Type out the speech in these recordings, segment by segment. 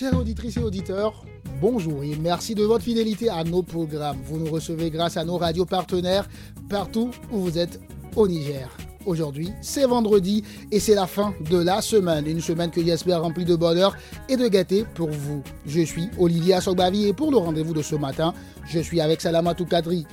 Chers auditrices et auditeurs, bonjour et merci de votre fidélité à nos programmes. Vous nous recevez grâce à nos radios partenaires partout où vous êtes au Niger. Aujourd'hui, c'est vendredi et c'est la fin de la semaine. Une semaine que j'espère remplie de bonheur et de gâté pour vous. Je suis Olivier Assogbavi et pour le rendez-vous de ce matin, je suis avec Salamatou Kadri.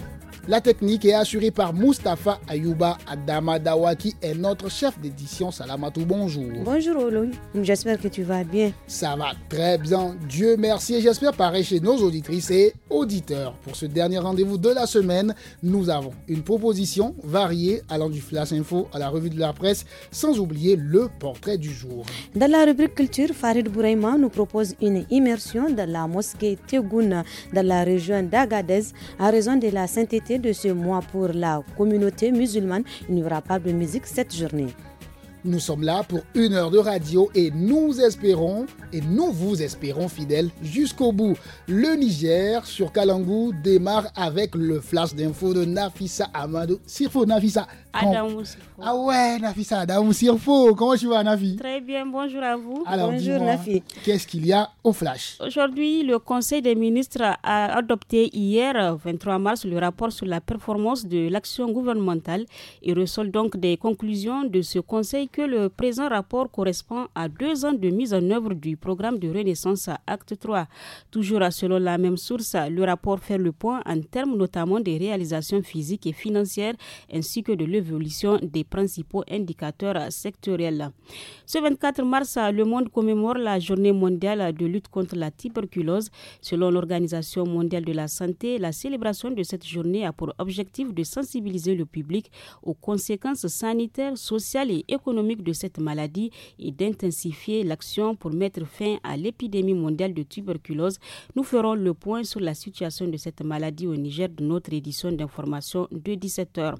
La technique est assurée par Mustapha Ayouba Adama qui est notre chef d'édition. Salamatou, bonjour. Bonjour Oloy, j'espère que tu vas bien. Ça va très bien, Dieu merci et j'espère pareil chez nos auditrices et auditeurs. Pour ce dernier rendez-vous de la semaine, nous avons une proposition variée allant du flash info à la revue de la presse sans oublier le portrait du jour. Dans la rubrique culture, Farid Bouraïma nous propose une immersion dans la mosquée Tegoun dans la région d'Agadez à raison de la sainteté de ce mois pour la communauté musulmane. Il n'y aura pas de musique cette journée. Nous sommes là pour une heure de radio et nous espérons, et nous vous espérons fidèles jusqu'au bout. Le Niger sur Kalangou démarre avec le flash d'info de Nafissa Amadou. Sirfo Nafisa Adam Ah ouais, Nafi, ça, Adam Moussifo. Comment tu vas, Nafi Très bien, bonjour à vous. Alors, bonjour, Nafi. Qu'est-ce qu'il y a au flash Aujourd'hui, le Conseil des ministres a adopté hier, 23 mars, le rapport sur la performance de l'action gouvernementale. Il ressort donc des conclusions de ce Conseil que le présent rapport correspond à deux ans de mise en œuvre du programme de renaissance à Acte 3. Toujours selon la même source, le rapport fait le point en termes notamment des réalisations physiques et financières ainsi que de le des principaux indicateurs sectoriels. Ce 24 mars, le monde commémore la journée mondiale de lutte contre la tuberculose. Selon l'Organisation mondiale de la santé, la célébration de cette journée a pour objectif de sensibiliser le public aux conséquences sanitaires, sociales et économiques de cette maladie et d'intensifier l'action pour mettre fin à l'épidémie mondiale de tuberculose. Nous ferons le point sur la situation de cette maladie au Niger de notre édition d'information de 17h.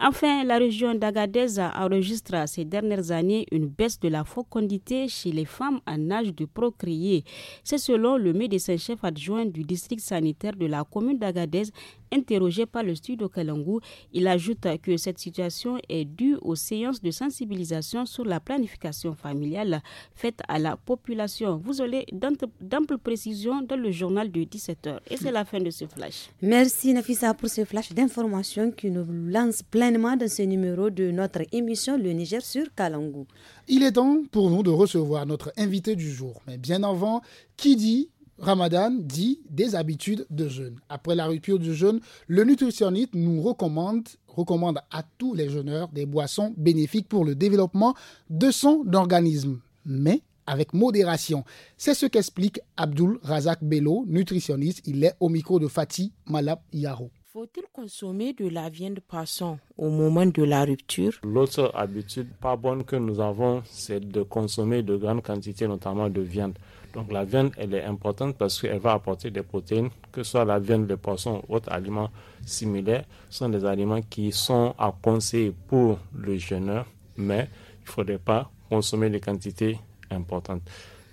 Enfin, la région d'Agadez a enregistré ces dernières années une baisse de la fécondité chez les femmes en âge de procréer. C'est selon le médecin-chef adjoint du district sanitaire de la commune d'Agadez, Interrogé par le studio Kalangu, il ajoute que cette situation est due aux séances de sensibilisation sur la planification familiale faite à la population. Vous aurez d'amples précisions dans le journal de 17h. Et c'est la fin de ce flash. Merci Nafisa pour ce flash d'information qui nous lance pleinement dans ce numéro de notre émission Le Niger sur Kalangu. Il est temps pour nous de recevoir notre invité du jour. Mais bien avant, qui dit Ramadan dit des habitudes de jeûne. Après la rupture du jeûne, le nutritionniste nous recommande, recommande à tous les jeûneurs des boissons bénéfiques pour le développement de son organisme, mais avec modération. C'est ce qu'explique Abdul Razak Bello, nutritionniste. Il est au micro de Fatih Malab Yaro. Faut-il consommer de la viande poisson au moment de la rupture L'autre habitude pas bonne que nous avons, c'est de consommer de grandes quantités, notamment de viande. Donc la viande, elle est importante parce qu'elle va apporter des protéines, que ce soit la viande, le poisson ou autres aliments similaires, sont des aliments qui sont à conseiller pour le jeûneur, mais il ne faudrait pas consommer des quantités importantes.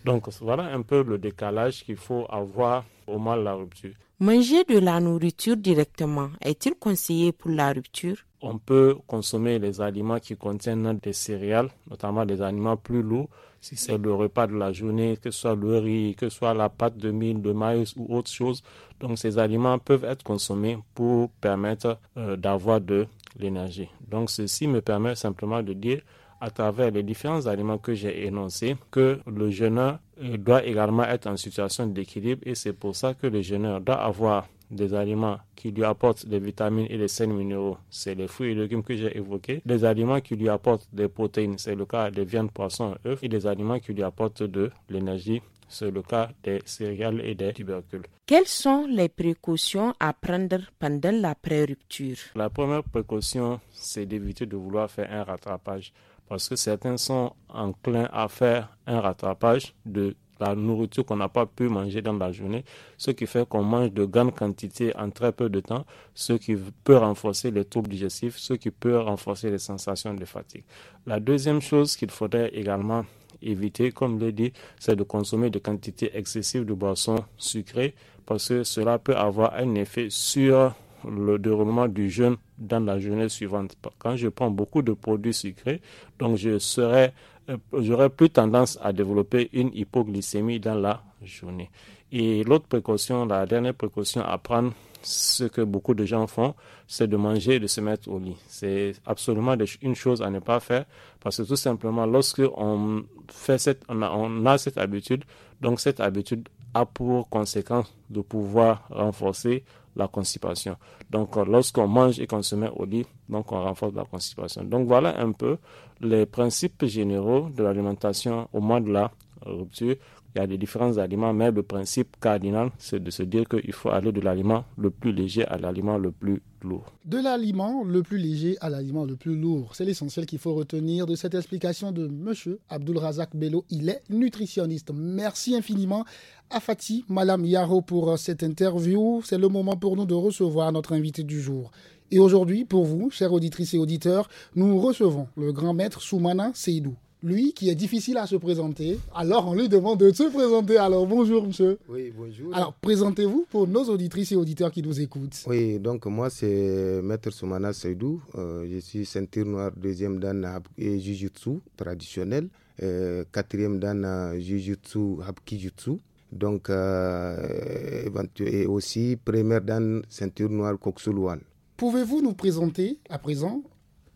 Donc voilà un peu le décalage qu'il faut avoir au moment de la rupture. Manger de la nourriture directement est-il conseillé pour la rupture On peut consommer les aliments qui contiennent des céréales, notamment des aliments plus lourds, si c'est le repas de la journée, que ce soit le riz, que ce soit la pâte de mil, de maïs ou autre chose. Donc ces aliments peuvent être consommés pour permettre euh, d'avoir de l'énergie. Donc ceci me permet simplement de dire à travers les différents aliments que j'ai énoncés que le jeûneur il doit également être en situation d'équilibre et c'est pour ça que le jeûneur doit avoir des aliments qui lui apportent des vitamines et des sels minéraux, c'est les fruits et légumes que j'ai évoqués. Des aliments qui lui apportent des protéines, c'est le cas des viandes, poissons, œufs. Et des aliments qui lui apportent de l'énergie, c'est le cas des céréales et des tubercules. Quelles sont les précautions à prendre pendant la pré-rupture La première précaution, c'est d'éviter de vouloir faire un rattrapage parce que certains sont enclins à faire un rattrapage de la nourriture qu'on n'a pas pu manger dans la journée, ce qui fait qu'on mange de grandes quantités en très peu de temps, ce qui peut renforcer les troubles digestifs, ce qui peut renforcer les sensations de fatigue. La deuxième chose qu'il faudrait également éviter, comme je l'ai dit, c'est de consommer de quantités excessives de boissons sucrées, parce que cela peut avoir un effet sur le déroulement du jeûne dans la journée suivante. Quand je prends beaucoup de produits sucrés, donc je serai euh, j'aurai plus tendance à développer une hypoglycémie dans la journée. Et l'autre précaution, la dernière précaution à prendre, ce que beaucoup de gens font, c'est de manger et de se mettre au lit. C'est absolument une chose à ne pas faire parce que tout simplement, lorsque on fait cette, on a cette habitude, donc cette habitude pour conséquence de pouvoir renforcer la constipation. Donc, euh, lorsqu'on mange et qu'on se met au lit, donc on renforce la constipation. Donc, voilà un peu les principes généraux de l'alimentation au mois de la rupture il y a des différents aliments, mais le principe cardinal, c'est de se dire qu'il faut aller de l'aliment le plus léger à l'aliment le plus lourd. De l'aliment le plus léger à l'aliment le plus lourd, c'est l'essentiel qu'il faut retenir de cette explication de M. Abdul Razak Bello. Il est nutritionniste. Merci infiniment à Fatih, Madame Yaro pour euh, cette interview. C'est le moment pour nous de recevoir notre invité du jour. Et aujourd'hui, pour vous, chers auditrices et auditeurs, nous recevons le grand maître Soumana Seydou lui qui est difficile à se présenter, alors on lui demande de se présenter. Alors bonjour monsieur. Oui, bonjour. Alors présentez-vous pour nos auditrices et auditeurs qui nous écoutent. Oui, donc moi c'est Maître Soumana Seydou, euh, je suis ceinture noire deuxième dan jujutsu traditionnel, euh, quatrième dan jujutsu hapkijutsu. Donc, euh, et aussi première dan ceinture noire Koksuluan. Pouvez-vous nous présenter à présent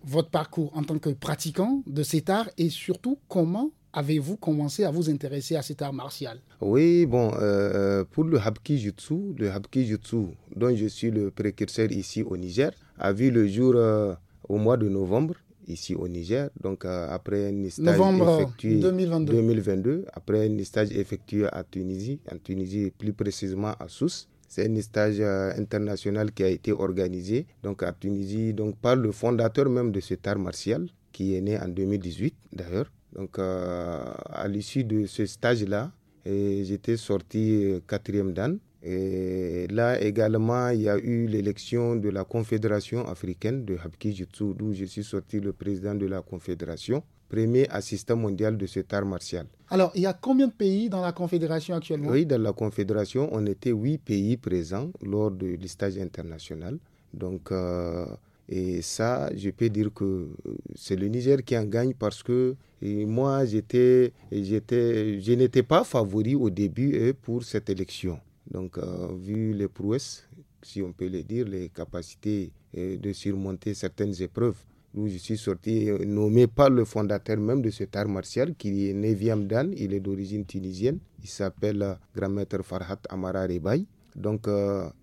votre parcours en tant que pratiquant de cet art et surtout comment avez-vous commencé à vous intéresser à cet art martial Oui, bon, euh, euh, pour le Habki Jutsu, le Habki Jutsu dont je suis le précurseur ici au Niger, a vu le jour euh, au mois de novembre ici au Niger, donc après un stage effectué 2022. 2022. après un stage effectué à Tunisie, en Tunisie plus précisément à Sousse. C'est un stage euh, international qui a été organisé donc à Tunisie donc par le fondateur même de cet art martial qui est né en 2018 d'ailleurs. Donc euh, à l'issue de ce stage-là, j'étais sorti euh, quatrième dan et là également, il y a eu l'élection de la Confédération africaine de Habki d'où je suis sorti le président de la Confédération, premier assistant mondial de cet art martial. Alors, il y a combien de pays dans la Confédération actuellement Oui, dans la Confédération, on était huit pays présents lors de listage international. Donc, euh, et ça, je peux dire que euh, c'est le Niger qui en gagne parce que moi, j'étais, j'étais, je n'étais pas favori au début euh, pour cette élection. Donc, euh, vu les prouesses, si on peut le dire, les capacités euh, de surmonter certaines épreuves, nous je suis sorti euh, nommé par le fondateur même de cet art martial, qui est Neviam Dan, il est d'origine tunisienne, il s'appelle Grand Maître Farhat Amara Rebaï,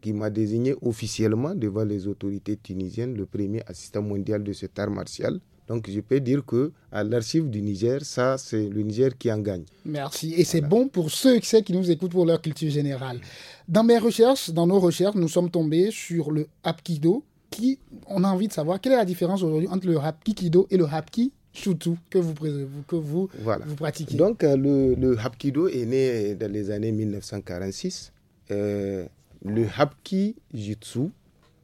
qui m'a désigné officiellement devant les autorités tunisiennes le premier assistant mondial de cet art martial. Donc je peux dire que à l'archive du Niger, ça c'est le Niger qui en gagne. Merci. Et c'est bon pour ceux, qui nous écoutent pour leur culture générale. Dans mes recherches, dans nos recherches, nous sommes tombés sur le Hapkido. Qui, on a envie de savoir quelle est la différence aujourd'hui entre le Hapkido et le Hapki que vous, que vous, pratiquez. Donc euh, le, Hapkido est né dans les années 1946. Euh, le Hapki Jutsu,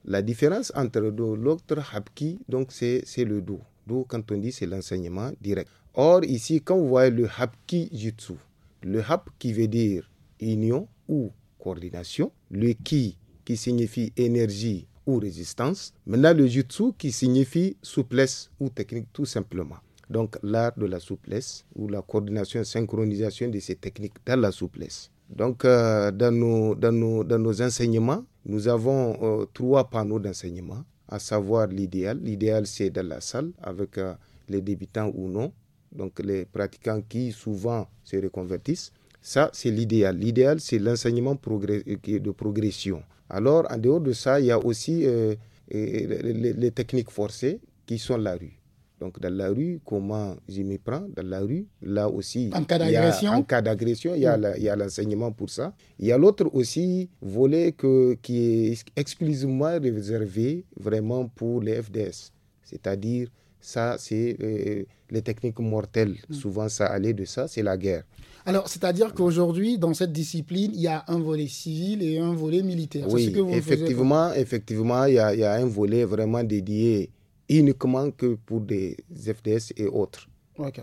la différence entre l'autre Hapki, donc c'est le dos. D'où quand on dit c'est l'enseignement direct. Or, ici, quand vous voyez le hapki jutsu, le hap qui veut dire union ou coordination, le ki qui signifie énergie ou résistance, maintenant le jutsu qui signifie souplesse ou technique tout simplement. Donc l'art de la souplesse ou la coordination synchronisation de ces techniques dans la souplesse. Donc euh, dans, nos, dans, nos, enseignements, nous avons euh, trois panneaux d'enseignement à savoir l'idéal. L'idéal, c'est dans la salle avec euh, les débutants ou non, donc les pratiquants qui souvent se reconvertissent. Ça, c'est l'idéal. L'idéal, c'est l'enseignement de progression. Alors, en dehors de ça, il y a aussi euh, les, techniques forcées qui sont la rue. Donc dans la rue, comment je me prends dans la rue Là aussi, en cas d'agression, en cas d'agression, mm. il y a l'enseignement pour ça. Il y a l'autre aussi volet que, qui est exclusivement réservé vraiment pour les FDS, c'est-à-dire ça, c'est euh, les techniques mortelles. Mm. Souvent, ça allait de ça, c'est la guerre. Alors, c'est-à-dire qu'aujourd'hui, dans cette discipline, il y a un volet civil et un volet militaire. Oui, ce que vous effectivement, effectivement, il y, il y, a, un volet vraiment dédié uniquement que pour des FDS et autres.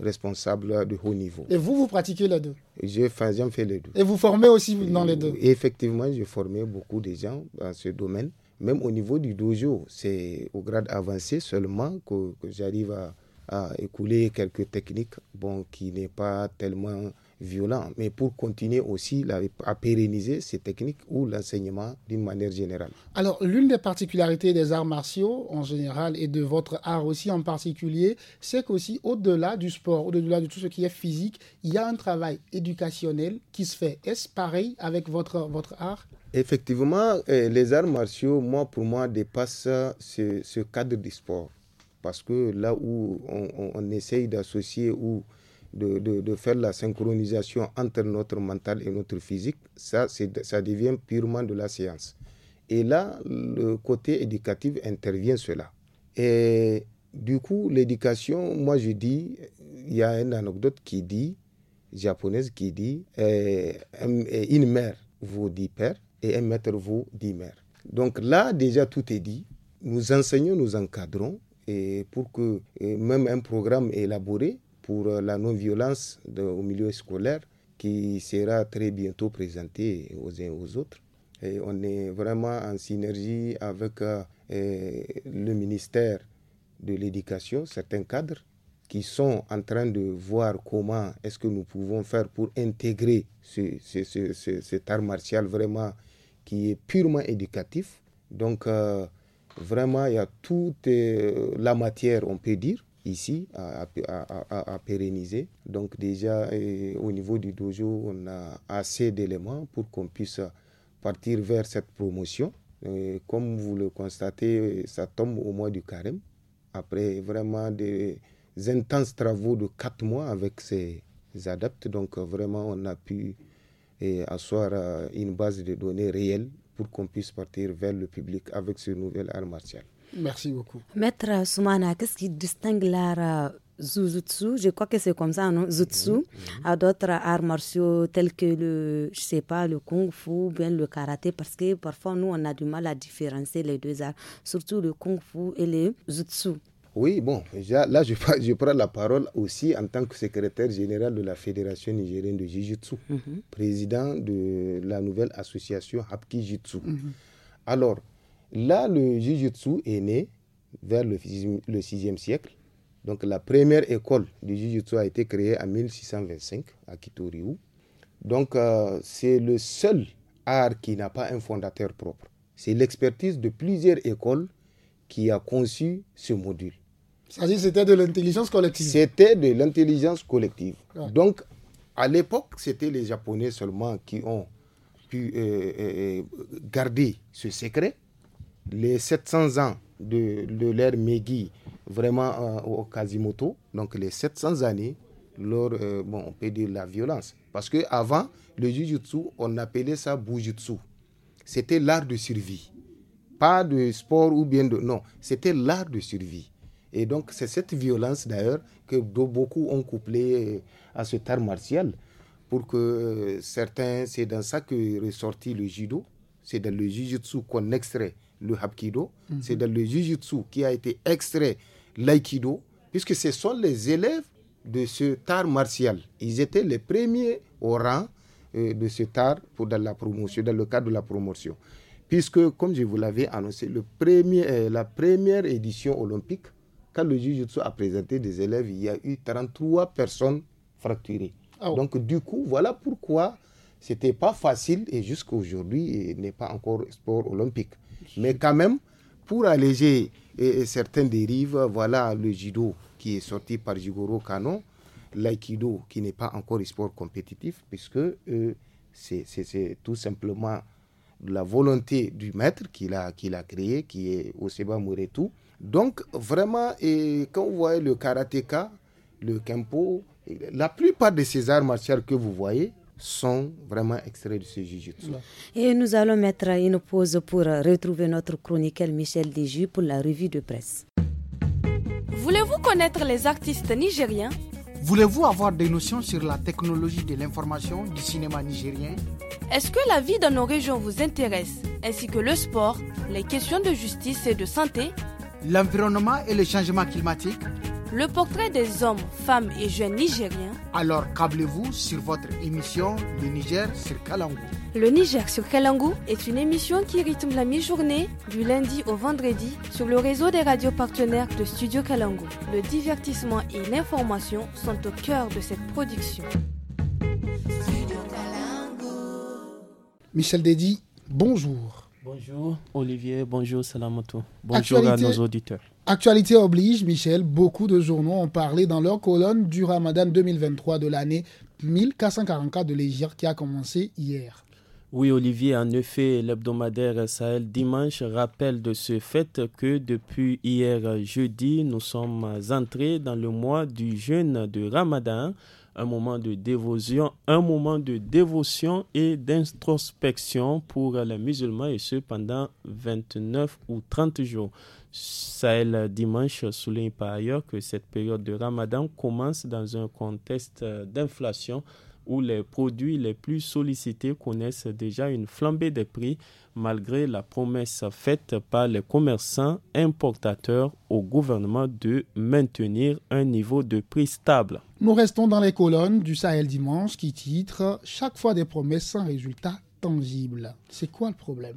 responsables de haut niveau. Et vous, vous pratiquez les deux j'ai j'en les deux. Et vous formez aussi dans les deux Effectivement, j'ai formé beaucoup de gens dans ce domaine. Même au niveau du dojo, c'est au grade avancé seulement que, j'arrive à, écouler quelques techniques bon, qui n'est pas tellement violent, mais pour continuer aussi à pérenniser ces techniques ou l'enseignement d'une manière générale. Alors, l'une des particularités des arts martiaux en général et de votre art aussi en particulier, c'est qu'aussi au-delà du sport, au-delà de tout ce qui est physique, il y a un travail éducationnel qui se fait. Est-ce pareil avec votre, votre art Effectivement, euh, les arts martiaux, moi, pour moi, dépassent ce, cadre du sport. Parce que là où on, on essaye d'associer ou de, de, faire la synchronisation entre notre mental et notre physique, ça, ça devient purement de la science. Et là, le côté éducatif intervient cela. Et du coup, l'éducation, moi je dis, il y a une anecdote qui dit, japonaise qui dit, eh, eh, une mère vous dit père et un maître vous dit mère Donc là, déjà, tout est dit. Nous enseignons, nous encadrons, et pour que eh, même un programme élaboré pour euh, la non-violence au milieu scolaire qui sera très bientôt présenté aux uns aux autres. Et on est vraiment en synergie avec euh, le ministère de l'Éducation, certains cadres qui sont en train de voir comment est-ce que nous pouvons faire pour intégrer ce, cet art martial vraiment qui est purement éducatif. Donc euh, vraiment, il y a toute la matière, on peut dire, ici à, pérenniser. Donc déjà euh, au niveau du dojo, on a assez d'éléments pour qu'on puisse partir vers cette promotion. Euh, comme vous le constatez, ça tombe au mois du carême, après vraiment des intenses travaux de quatre mois avec ces adeptes. Donc vraiment, on a pu euh, asseoir une base de données réelle pour qu'on puisse partir vers le public avec ce nouvel art martial. Merci beaucoup. Maître Soumana, qu'est-ce qui distingue l'art euh, Zuzutsu, je crois que c'est comme ça, non Zutsu, mhm, à d'autres arts martiaux tels que le, je sais pas, le kung fu ou bien le karaté, parce que parfois nous on a du mal à différencier les deux arts, surtout le kung fu et le Zutsu. Oui, bon, là je, je prends la parole aussi en tant que secrétaire général de la Fédération nigérienne de Jiu-Jitsu, mhm. président de la nouvelle association Hapki Jitsu. Mhm. Alors, Là, le Jujutsu est né vers le 6e siècle. Donc la première école du Jujutsu a été créée en 1625 à Kitoriu. Donc euh, c'est le seul art qui n'a pas un fondateur propre. C'est l'expertise de plusieurs écoles qui a conçu ce module. Ça dit, c'était de l'intelligence collective. C'était de l'intelligence collective. Ah. Donc à l'époque, c'était les Japonais seulement qui ont pu euh, euh, garder ce secret les 700 ans de, de l'ère Meiji, vraiment euh, au Kazimoto, donc les 700 années, leur, bon, on peut dire la violence. Parce qu'avant, le jujutsu, on appelait ça bujutsu. C'était l'art de survie. Pas de sport ou bien de... Non, c'était l'art de survie. Et donc, c'est cette violence d'ailleurs que beaucoup ont couplé euh, à cet art martial pour que euh, certains, c'est dans ça que ressortit le judo, c'est dans le jujutsu qu'on extrait le Hapkido, mhm. c'est dans le Jiu-Jitsu qui a été extrait l'Aikido, puisque ce sont les élèves de ce art martial. Ils étaient les premiers au rang euh, de ce art pour dans la promotion, dans le cadre de la promotion. Puisque, comme je vous l'avais annoncé, le premier, euh, la première édition olympique, quand le Jujutsu a présenté des élèves, il y a eu 33 personnes fracturées. Ah Donc, du coup, voilà pourquoi c'était pas facile et jusqu'aujourd'hui, il n'est pas encore sport olympique. Mais quand même, pour alléger et, eh, eh, certaines dérives, voilà le judo qui est sorti par Jigoro Kano, l'aïkido qui n'est pas encore un sport compétitif, puisque euh, c'est tout simplement la volonté du maître qu'il a, créé, qui est Oseba Muretu. Donc, vraiment, et quand vous voyez le karatéka, le kempo, la plupart de ces arts martiaux que vous voyez, sont vraiment extraits de ce sujet Et nous allons mettre une pause pour retrouver notre chroniqueur Michel Déju pour la revue de presse. Voulez-vous connaître les artistes nigériens Voulez-vous avoir des notions sur la technologie de l'information du cinéma nigérien Est-ce que la vie dans nos régions vous intéresse, ainsi que le sport, les questions de justice et de santé L'environnement et le changement climatique le portrait des hommes, femmes et jeunes nigériens. Alors câblez-vous sur votre émission Le Niger sur Kalango. Le Niger sur Kalangou est une émission qui rythme la mi-journée du lundi au vendredi sur le réseau des radios partenaires de Studio kalango Le divertissement et l'information sont au cœur de cette production. Michel Dedi, bonjour. Bonjour Olivier, bonjour Salamoto. bonjour à nos auditeurs. Actualité oblige, Michel, beaucoup de journaux ont parlé dans leur colonne du Ramadan 2023 de l'année 1444 de l'Égypte qui a commencé hier. Oui, Olivier, en effet, l'hebdomadaire Sahel Dimanche rappelle de ce fait que depuis hier jeudi, nous sommes entrés dans le mois du jeûne de Ramadan, un moment de dévotion, un moment de dévotion et d'introspection pour les musulmans et ce pendant 29 ou 30 jours. Sahel dimanche souligne par ailleurs que cette période de Ramadan commence dans un contexte euh, d'inflation où les produits les plus sollicités connaissent déjà une flambée des prix malgré la promesse faite par les commerçants importateurs au gouvernement de maintenir un niveau de prix stable. Nous restons dans les colonnes du Sahel dimanche qui titre Chaque fois des promesses sans résultat tangible. C'est quoi le problème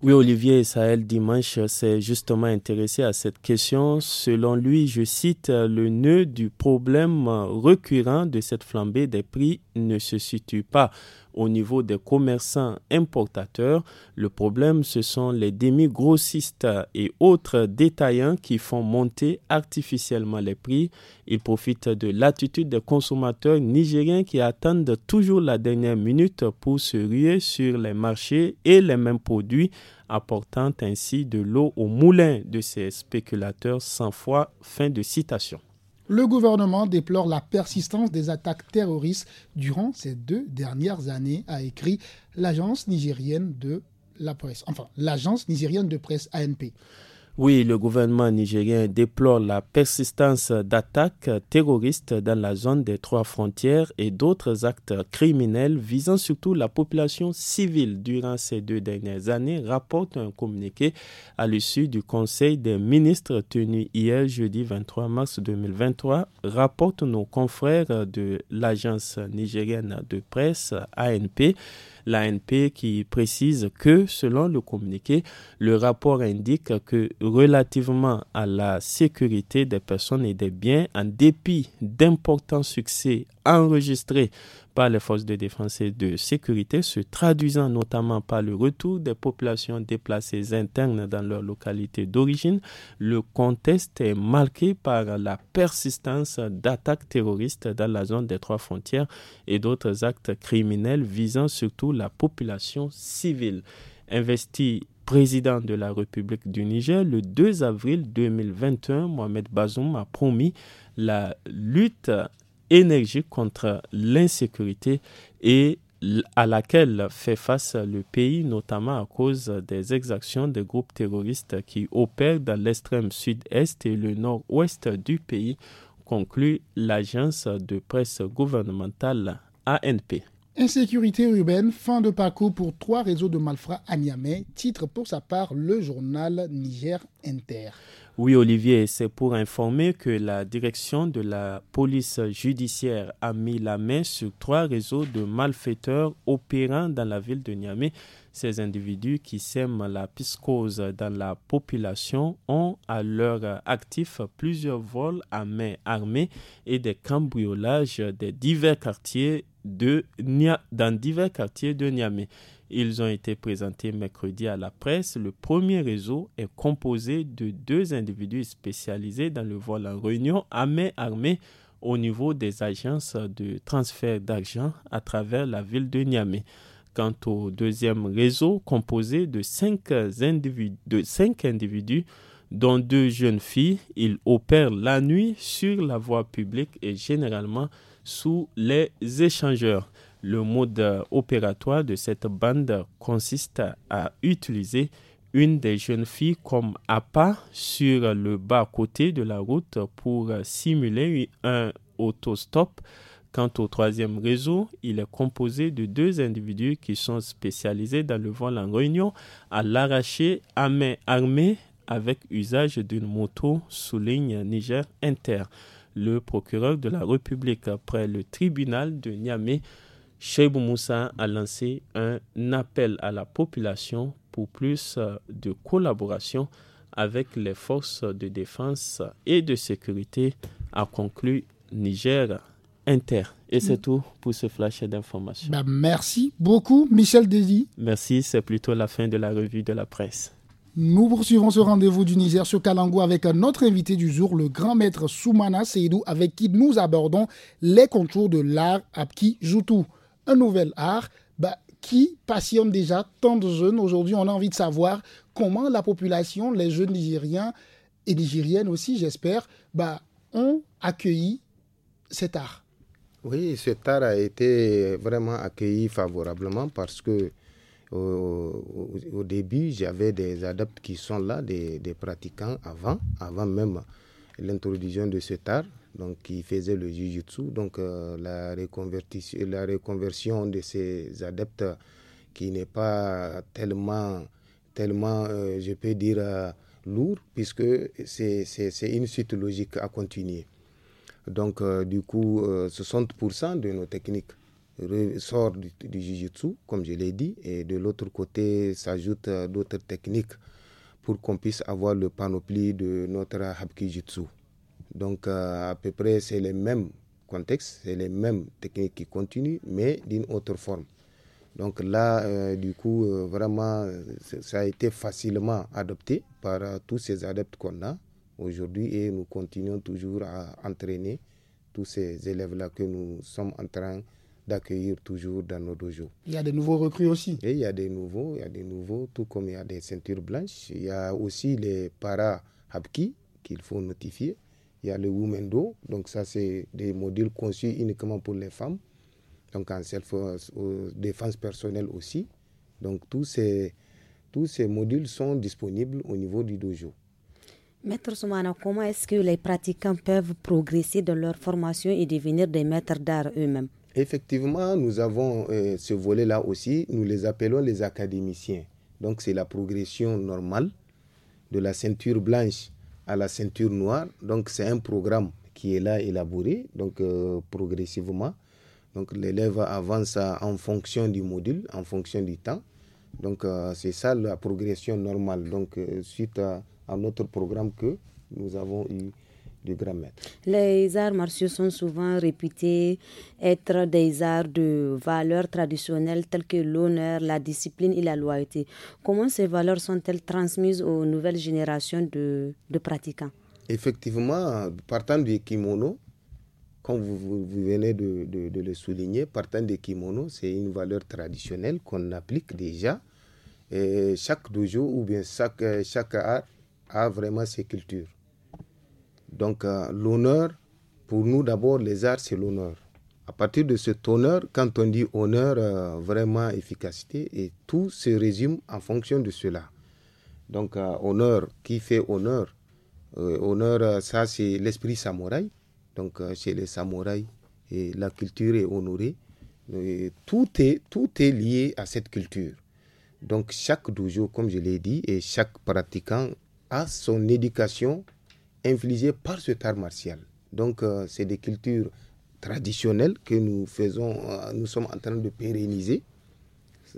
oui, Olivier Sahel Dimanche s'est justement intéressé à cette question. Selon lui, je cite, le nœud du problème recurrent de cette flambée des prix ne se situe pas au niveau des commerçants importateurs. Le problème, ce sont les demi-grossistes et autres détaillants qui font monter artificiellement les prix. Ils profitent de l'attitude des consommateurs nigériens qui attendent toujours la dernière minute pour se ruer sur les marchés et les mêmes produits, apportant ainsi de l'eau au moulin de ces spéculateurs sans foi. Fin de citation. Le gouvernement déplore la persistance des attaques terroristes durant ces deux dernières années, a écrit l'agence nigérienne de la presse, enfin l'agence nigérienne de presse ANP. Oui, le gouvernement nigérien déplore la persistance d'attaques terroristes dans la zone des trois frontières et d'autres actes criminels visant surtout la population civile durant ces deux dernières années, rapporte un communiqué à l'issue du Conseil des ministres tenu hier jeudi 23 mars 2023, rapporte nos confrères de l'agence nigérienne de presse ANP l'ANP qui précise que, selon le communiqué, le rapport indique que relativement à la sécurité des personnes et des biens, en dépit d'importants succès enregistrés par les forces de défense et de sécurité, se traduisant notamment par le retour des populations déplacées internes dans leur localité d'origine, le contexte est marqué par la persistance d'attaques terroristes dans la zone des trois frontières et d'autres actes criminels visant surtout la population civile. Investi président de la République du Niger, le 2 avril 2021, Mohamed Bazoum a promis la lutte énergique contre l'insécurité et à laquelle fait face le pays, notamment à cause des exactions des groupes terroristes qui opèrent dans l'extrême sud-est et le nord-ouest du pays, conclut l'agence de presse gouvernementale ANP. Insécurité urbaine, fin de parcours pour trois réseaux de malfrats à Niamey, titre pour sa part le journal Niger Inter. Oui, Olivier, c'est pour informer que la direction de la police judiciaire a mis la main sur trois réseaux de malfaiteurs opérant dans la ville de Niamey ces individus qui sèment la piscose dans la population ont à leur actif plusieurs vols à main armée et des cambriolages des divers quartiers de dans divers quartiers de Niamey. Ils ont été présentés mercredi à la presse. Le premier réseau est composé de deux individus spécialisés dans le vol en réunion à main armée au niveau des agences de transfert d'argent à travers la ville de Niamey quant au deuxième réseau composé de cinq individus, individus dont deux jeunes filles. il opère la nuit sur la voie publique et généralement sous les échangeurs. Le mode opératoire de cette bande consiste à utiliser une des jeunes filles comme appât sur le bas côté de la route pour simuler un autostop Quant au troisième réseau, il est composé de deux individus qui sont spécialisés dans le vol en réunion à l'arraché à main armée avec usage d'une moto, souligne Niger Inter. Le procureur de la République après le tribunal de Niamey, Cheibou Moussa, a lancé un appel à la population pour plus de collaboration avec les forces de défense et de sécurité, a conclu Niger Inter. Et c'est mm. tout pour ce flash d'information. Ben, merci beaucoup, Michel Dédi. Merci, c'est plutôt la fin de la revue de la presse. Nous poursuivons ce rendez-vous du Niger sur Kalango avec un autre invité du jour, le grand maître Soumana Seydou, avec qui nous abordons les contours de l'art Apki Joutou. Un nouvel art ben, qui passionne déjà tant de jeunes. Aujourd'hui, on a envie de savoir comment la population, les jeunes nigériens et nigériennes aussi, j'espère, bah, ont accueilli cet art. Oui, cet art a été vraiment accueilli favorablement parce que au, début, j'avais des adeptes qui sont là, des, pratiquants avant, avant même l'introduction de cet art, donc qui faisaient le jujutsu. Donc euh, la, reconversion, de ces adeptes qui n'est pas tellement, tellement euh, je peux dire, euh, lourd, puisque c'est une suite logique à continuer. Donc, euh, du coup, 60% euh, de nos techniques sortent du, jiu jujitsu, comme je l'ai dit, et de l'autre côté s'ajoutent euh, d'autres techniques pour qu'on puisse avoir le panoplie de notre hapkijutsu. Donc, à peu près, c'est les mêmes contextes, c'est les mêmes techniques qui continuent, mais d'une autre forme. Donc là, du coup, vraiment, ça a été facilement adopté par tous ces adeptes qu'on a aujourd'hui et nous continuons toujours à entraîner tous ces élèves-là que nous sommes en train d'accueillir toujours dans nos dojos. Il y a des nouveaux recrues aussi. Et il y a des nouveaux, il y a des nouveaux, tout comme il y a des ceintures blanches. Il y a aussi les para habki qu'il faut notifier. Il y a le do donc ça c'est des modules conçus uniquement pour les femmes, donc en self-défense personnelle aussi. Donc tous ces, tous ces modules sont disponibles au niveau du dojo. Maître Soumana, comment est-ce que les pratiquants peuvent progresser dans leur formation et devenir des maîtres d'art eux-mêmes Effectivement, nous avons euh, ce volet-là aussi. Nous les appelons les académiciens. Donc c'est la progression normale de la ceinture blanche à la ceinture noire. Donc c'est un programme qui est là élaboré, donc euh, progressivement. Donc l'élève avance en fonction du module, en fonction du temps. Donc euh, c'est ça la progression normale. Donc suite à notre programme que nous avons eu de grand maître. Les arts martiaux sont souvent réputés être des arts de valeurs traditionnelles telles que l'honneur, la discipline et la loyauté. Comment ces valeurs sont-elles transmises aux nouvelles générations de, pratiquants Effectivement, partant du kimono, comme vous, venez de, le souligner, partant du kimono, c'est une valeur traditionnelle qu'on applique déjà. chaque dojo ou bien chaque, euh, chaque art a vraiment ses cultures. Donc euh, l'honneur, pour nous d'abord, les arts, c'est l'honneur. À partir de cet honneur, quand on dit honneur, euh, vraiment efficacité, et tout se résume en fonction de cela. Donc euh, honneur, qui fait honneur Honneur, ça c'est l'esprit samouraï. Donc chez les samouraïs, et la culture est honorée. tout, est, tout est lié à cette culture. Donc chaque dojo, comme je l'ai dit, et chaque pratiquant à son éducation infligée par cet art martial. Donc, euh, c'est des cultures traditionnelles que nous faisons, euh, nous sommes en train de pérenniser.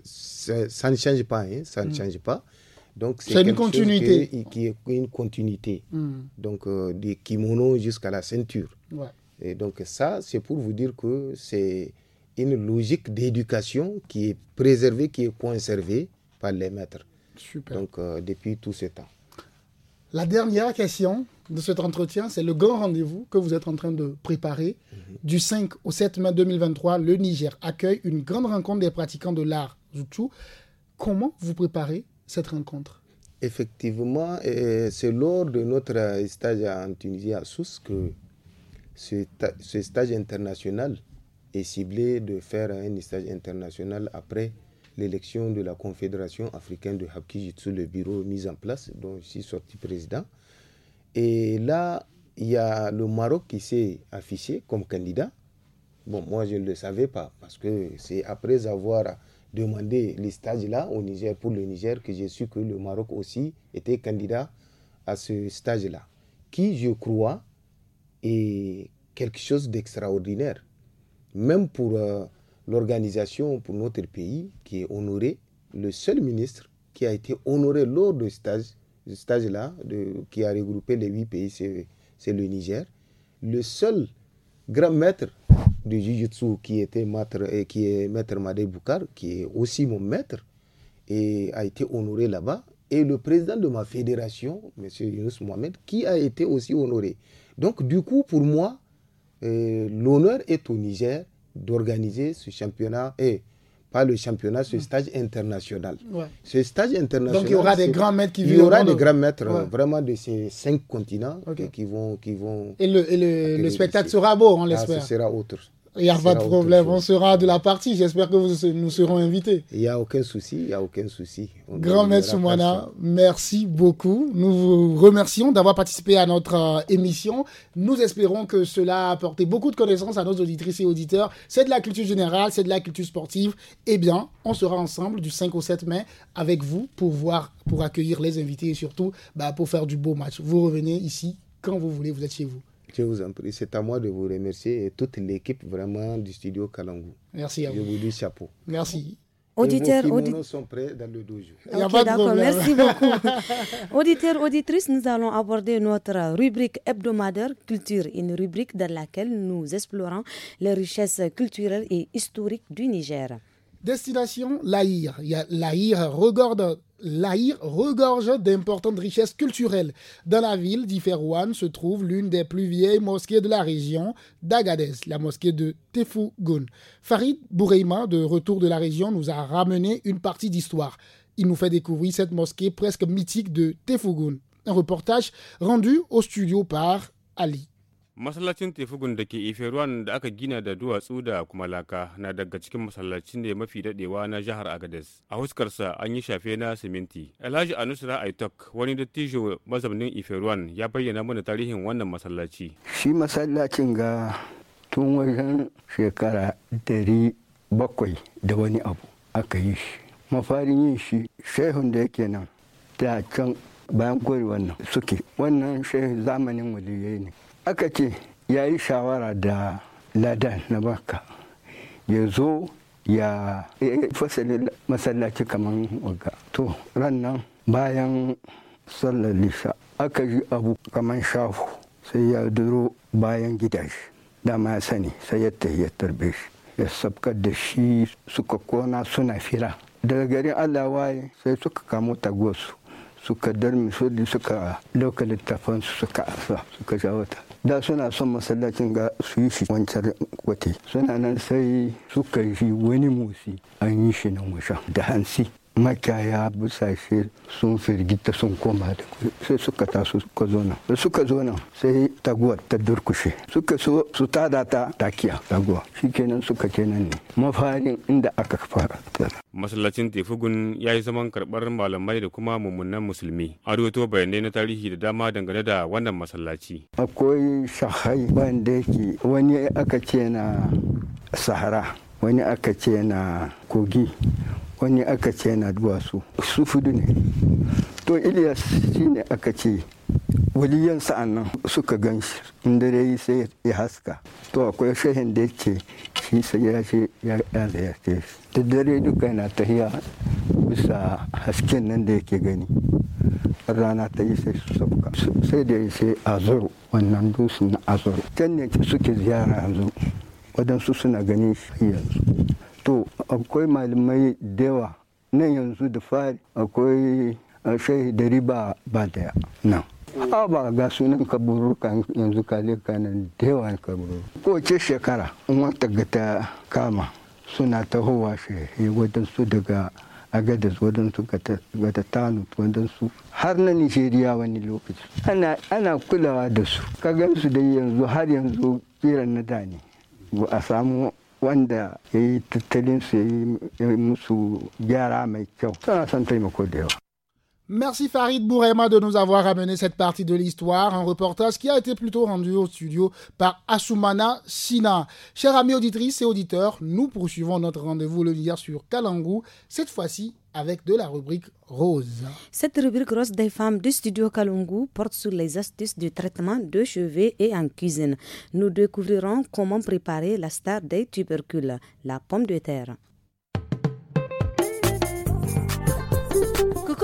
Ça, ne change pas, hein, ça ne mm. change pas. Donc, c'est une continuité. qui est une continuité. Mm. Donc, euh, des kimonos jusqu'à la ceinture. Et donc, ça, c'est pour vous dire que c'est une logique d'éducation qui est préservée, qui est conservée par les maîtres. Super. Donc, depuis tout ce temps. La dernière question de cet entretien, c'est le grand rendez-vous que vous êtes en train de préparer. Mhm. Du 5 au 7 mai 2023, le Niger accueille une grande rencontre des pratiquants de l'art Zoutchou. Comment vous préparez cette rencontre Effectivement, c'est lors de notre stage en Tunisie à Sousse que ce stage international est ciblé de faire un stage international après l'élection de la Confédération africaine de Hapkijitsu, le bureau mis en place, dont je suis sorti président. Et là, il y a le Maroc qui s'est affiché comme candidat. Bon, moi, je ne le savais pas, parce que c'est après avoir demandé les stages-là au Niger, pour le Niger, que j'ai su que le Maroc aussi était candidat à ce stage-là, qui, je crois, est quelque chose d'extraordinaire. Même pour euh, l'organisation pour notre pays qui est honorée, le seul ministre qui a été honoré lors de ce stage, stage-là, qui a regroupé les huit pays, c'est le Niger. Le seul grand maître du Jiu-Jitsu qui maître, et euh, qui est maître Madé Boukar, qui est aussi mon maître, et a été honoré là-bas. Et le président de ma fédération, M. Yunus Mohamed, qui a été aussi honoré. Donc, du coup, pour moi, euh, l'honneur est au Niger d'organiser ce championnat et pas le championnat, ce hmm. stage international. Ce stage international. Donc il y aura des grands maîtres qui Il y aura des grands maîtres vraiment de ces cinq continents qui, vont, qui vont. Et le, et le, spectacle sera beau, on ah, l'espère. ce sera autre. Il n'y a pas de problème. On sera de la partie. J'espère que vous, nous serons invités. Il n'y a aucun souci. Il n'y a aucun souci. Grand maître Soumana, merci beaucoup. Nous vous remercions d'avoir participé à notre euh, émission. Nous espérons que cela a apporté beaucoup de connaissances à nos auditrices et auditeurs. C'est de la culture générale, c'est de la culture sportive. Eh bien, on sera ensemble du 5 au 7 mai avec vous pour voir, pour accueillir les invités et surtout bah, pour faire du beau match. Vous revenez ici quand vous voulez. Vous êtes chez vous. Je vous en prie, c'est à moi de vous remercier et toute l'équipe vraiment du studio Kalangu. Merci à vous. Je vous dis chapeau. Merci. Auditeurs, auditeurs. sommes prêts dans le 12 merci beaucoup. auditeurs, auditrices, nous allons aborder notre rubrique hebdomadaire culture, une rubrique dans laquelle nous explorons les richesses culturelles et historiques du Niger. Destination l'Aïr. L'Aïr regorge, regorge d'importantes richesses culturelles. Dans la ville d'Iferouane se trouve l'une des plus vieilles mosquées de la région d'Agadez, la mosquée de Tefougoun. Farid Boureima, de retour de la région, nous a ramené une partie d'histoire. Il nous fait découvrir cette mosquée presque mythique de Tefougoun. Un reportage rendu au studio par Ali. masallacin tefugun da ke iferuan da aka gina da duwatsu da kuma laka na daga cikin masallaci ne mafi dadewa na jihar agades a huskarsa an yi shafe na siminti alhaji anusra aitok wani dattijo mazaunin iferuan ya bayyana mana tarihin wannan masallaci shi masallacin ga tun wajen shekara dari bakwai da wani abu aka yi shi mafarin yin shi shehun da yake nan da can bayan kori wannan suke wannan shehun zamanin waliyai ne aka ce ya yi shawara da ladan na baka ya zo ya fasali masallaci kamar waga to ran nan bayan sallar lisha aka yi abu kamar shafu sai ya duro bayan gidashi dama ya sani sai ya tahiyar shi ya sabkar da shi suka kona suna fira daga garin allah waye sai suka kamo tagosu suka darmi suka lokalin tafansu suka asa suka shawata da suna son masallacin ga su yi shi wancan kwate suna nan sai suka yi wani motsi an yi shi na washa da hansi makiyaya busashe sun firgita sun koma da sai suka taso suka zo nan da suka zo nan sai taguwa ta durkushe suka so su tada ta takiya taguwa shi kenan suka kenan ne mafarin inda aka fara masallacin tefugun ya yi zaman karɓar malamai da kuma mummunan musulmi a rawaito bayanai na tarihi da dama dangane da wannan masallaci akwai shahai wanda yake wani aka ce na sahara wani aka ce na kogi wani aka ce yana duwatsu su fudu ne to ilyas shi ne aka ce waliyan sa'an nan suka gan shi inda dai sai ya haska to akwai shahin da yake shi sai ya ce ya ya ce da dare duka yana tahiya bisa hasken nan da yake gani rana ta yi sai su sauka sai da ya sai azuru wannan dusun na azuru can ne suke ziyara yanzu wadansu suna ganin shi yanzu to akwai malamai da yawa nan yanzu da fari akwai shai da riba ba daya nan a ba ga sunan kaburukan yanzu kale kanan da yawa kaburu ce shekara in wata ga ta kama suna tahowa shi wadansu daga agadis wadansu gata tanu wadansu har na nigeria wani lokaci ana kulawa da su ka gansu dai yanzu har yanzu kiran na dani a samu Merci Farid Bourema de nous avoir amené cette partie de l'histoire, un reportage qui a été plutôt rendu au studio par Asumana Sina. Chers amis auditrices et auditeurs, nous poursuivons notre rendez-vous le hier sur Kalangou, cette fois-ci avec de la rubrique rose. Cette rubrique rose des femmes du studio Kalungu porte sur les astuces du traitement de cheveux et en cuisine. Nous découvrirons comment préparer la star des tubercules, la pomme de terre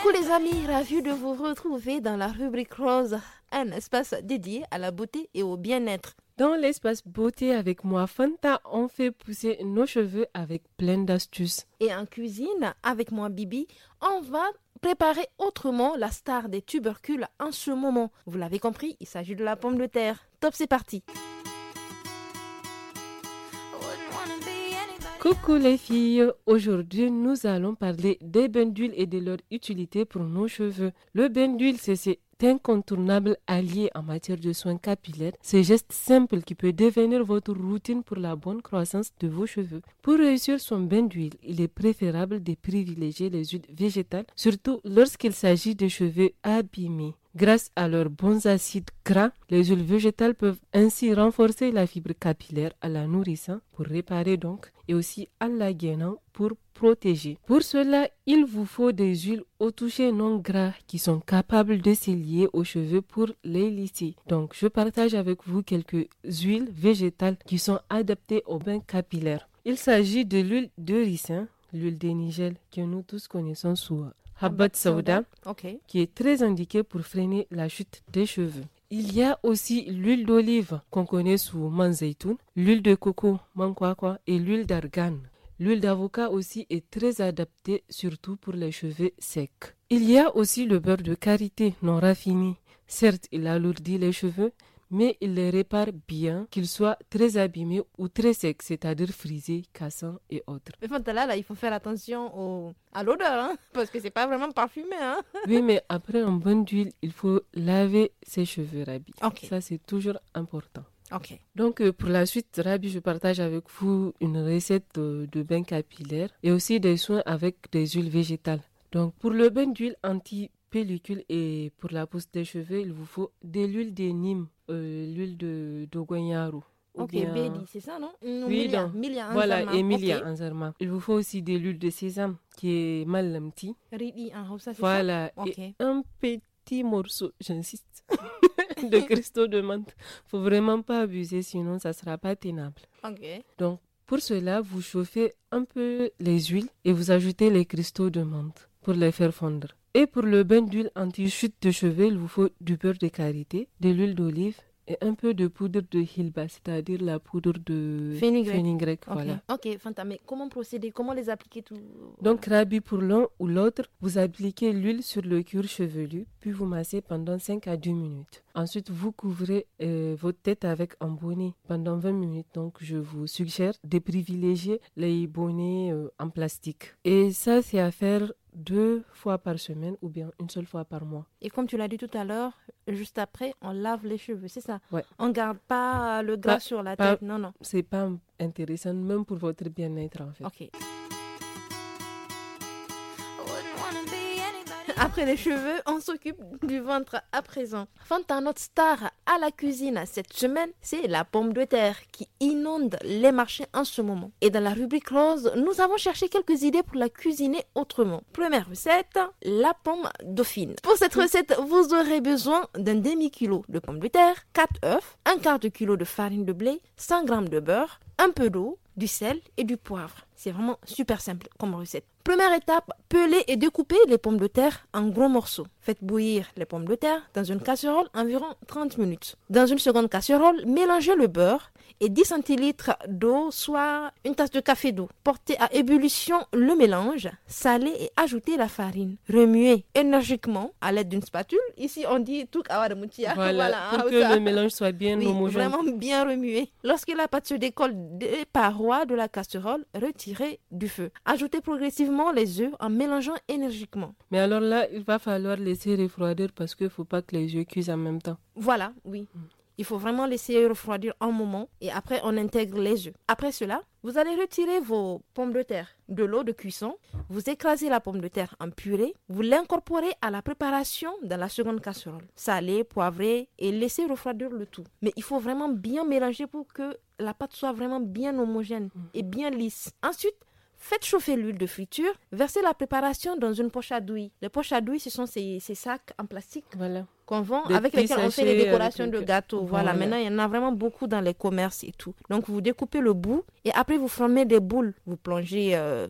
Coucou les amis, ravi de vous retrouver dans la rubrique rose, un espace dédié à la beauté et au bien-être. Dans l'espace beauté avec moi, Fanta, on fait pousser nos cheveux avec plein d'astuces. Et en cuisine, avec moi, Bibi, on va préparer autrement la star des tubercules en ce moment. Vous l'avez compris, il s'agit de la pomme de terre. Top, c'est parti. Coucou les filles, aujourd'hui nous allons parler des bains d'huile et de leur utilité pour nos cheveux. Le bain d'huile c'est cet incontournable allié en matière de soins capillaires, ce geste simple qui peut devenir votre routine pour la bonne croissance de vos cheveux. Pour réussir son bain d'huile, il est préférable de privilégier les huiles végétales, surtout lorsqu'il s'agit de cheveux abîmés. Grâce à leurs bons acides gras, les huiles végétales peuvent ainsi renforcer la fibre capillaire à la nourrissant pour réparer donc et aussi à la gainant pour protéger. Pour cela, il vous faut des huiles au toucher non gras qui sont capables de se lier aux cheveux pour les lisser. Donc, je partage avec vous quelques huiles végétales qui sont adaptées au bain capillaire. Il s'agit de l'huile de ricin, l'huile de Nigel que nous tous connaissons sous Habat qui est très indiqué pour freiner la chute des cheveux. Il y a aussi l'huile d'olive qu'on connaît sous manzeitoun, l'huile de coco, quoi, et l'huile d'argan. L'huile d'avocat aussi est très adaptée, surtout pour les cheveux secs. Il y a aussi le beurre de karité non raffiné. Certes, il alourdit les cheveux, mais il les répare bien, qu'ils soient très abîmés ou très secs, c'est-à-dire frisés, cassants et autres. Mais Fantala, là, il faut faire attention au... à l'odeur, hein, parce que c'est pas vraiment parfumé. Hein. oui, mais après un bain d'huile, il faut laver ses cheveux, Rabi. Ça, c'est toujours important. Ok. Donc euh, pour la suite, Rabi, je partage avec vous une recette de bain capillaire et aussi des soins avec des huiles végétales. Donc pour le bain d'huile anti pellicule et pour la pousse des cheveux, il vous faut de l'huile de euh, l'huile de Ok, c'est ça, non Oui, voilà, Emilia Milia Il vous faut aussi de l'huile de sésame qui est mal lamti. Voilà, et un petit morceau, j'insiste, de cristaux de menthe. faut vraiment pas abuser, sinon ça sera pas tenable. Ok. Donc, pour cela, vous chauffez un peu les huiles et vous ajoutez les cristaux de menthe pour les faire fondre. Et pour le bain d'huile anti-chute de cheveux, il vous faut du beurre de karité, de l'huile d'olive et un peu de poudre de Hilba, c'est-à-dire la poudre de fenugrec. Okay. Voilà. Ok, Fanta, mais comment procéder Comment les appliquer tout Donc, rabis pour l'un ou l'autre, vous appliquez l'huile sur le cuir chevelu, puis vous massez pendant 5 à 10 minutes. Ensuite, vous couvrez euh, votre tête avec un bonnet pendant 20 minutes. Donc, je vous suggère de privilégier les bonnets euh, en plastique. Et ça, c'est à faire deux fois par semaine ou bien une seule fois par mois. Et comme tu l'as dit tout à l'heure, juste après, on lave les cheveux, c'est ça On ne garde pas le gras sur la tête, non, non. C'est pas intéressant, même pour votre bien-être en fait. Ok. après les cheveux, on s'occupe du ventre à présent. Enfin, notre star à la cuisine cette semaine, c'est la pomme de terre qui inonde les marchés en ce moment. Et dans la rubrique rose, nous avons cherché quelques idées pour la cuisiner autrement. Première recette, la pomme dauphine. Pour cette recette, vous aurez besoin d'un demi-kilo de pommes de terre, 4 œufs, un quart de kilo de farine de blé, 100 g de beurre, un peu d'eau, du sel et du poivre. C'est vraiment super simple comme recette. Première étape, peler et découper les pommes de terre en gros morceaux. Faites bouillir les pommes de terre dans une casserole environ 30 minutes. Dans une seconde casserole, mélangez le beurre, et 10 centilitres d'eau, soit une tasse de café d'eau. Portez à ébullition le mélange, salez et ajoutez la farine. Remuez énergiquement à l'aide d'une spatule. Ici, on dit tout voilà, voilà, hein, pour que le mélange soit bien oui, Vraiment bien remué. Lorsque la pâte se décolle des parois de la casserole, retirez du feu. Ajoutez progressivement les œufs en mélangeant énergiquement. Mais alors là, il va falloir laisser refroidir parce qu'il ne faut pas que les œufs cuisent en même temps. Voilà, oui. Mm. Il faut vraiment laisser refroidir un moment et après on intègre les œufs. Après cela, vous allez retirer vos pommes de terre de l'eau de cuisson, vous écrasez la pomme de terre en purée, vous l'incorporez à la préparation dans la seconde casserole. saler, poivrer et laisser refroidir le tout. Mais il faut vraiment bien mélanger pour que la pâte soit vraiment bien homogène et bien lisse. Ensuite, Faites chauffer l'huile de friture, versez la préparation dans une poche à douille. Les poches à douille, ce sont ces, sacs en plastique qu'on vend, avec lesquels on fait les euh, décorations de gâteaux. Voilà. maintenant il y en a vraiment beaucoup dans les commerces et tout. Donc vous découpez le bout et après vous formez des boules. Vous plongez euh,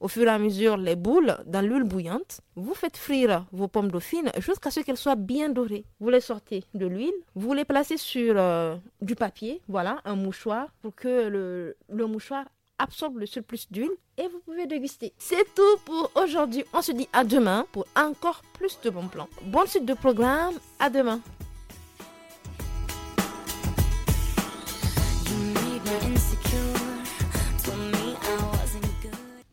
au fur et à mesure les boules dans l'huile bouillante. Vous faites frire vos pommes dauphines jusqu'à ce qu'elles soient bien dorées. Vous les sortez de l'huile, vous les placez sur euh, du papier, voilà, un mouchoir, pour que le mouchoir absorbe le surplus d'huile et vous pouvez déguster. C'est tout pour aujourd'hui. On se dit à demain pour encore plus de bons plans. Bonne suite de programme. À demain.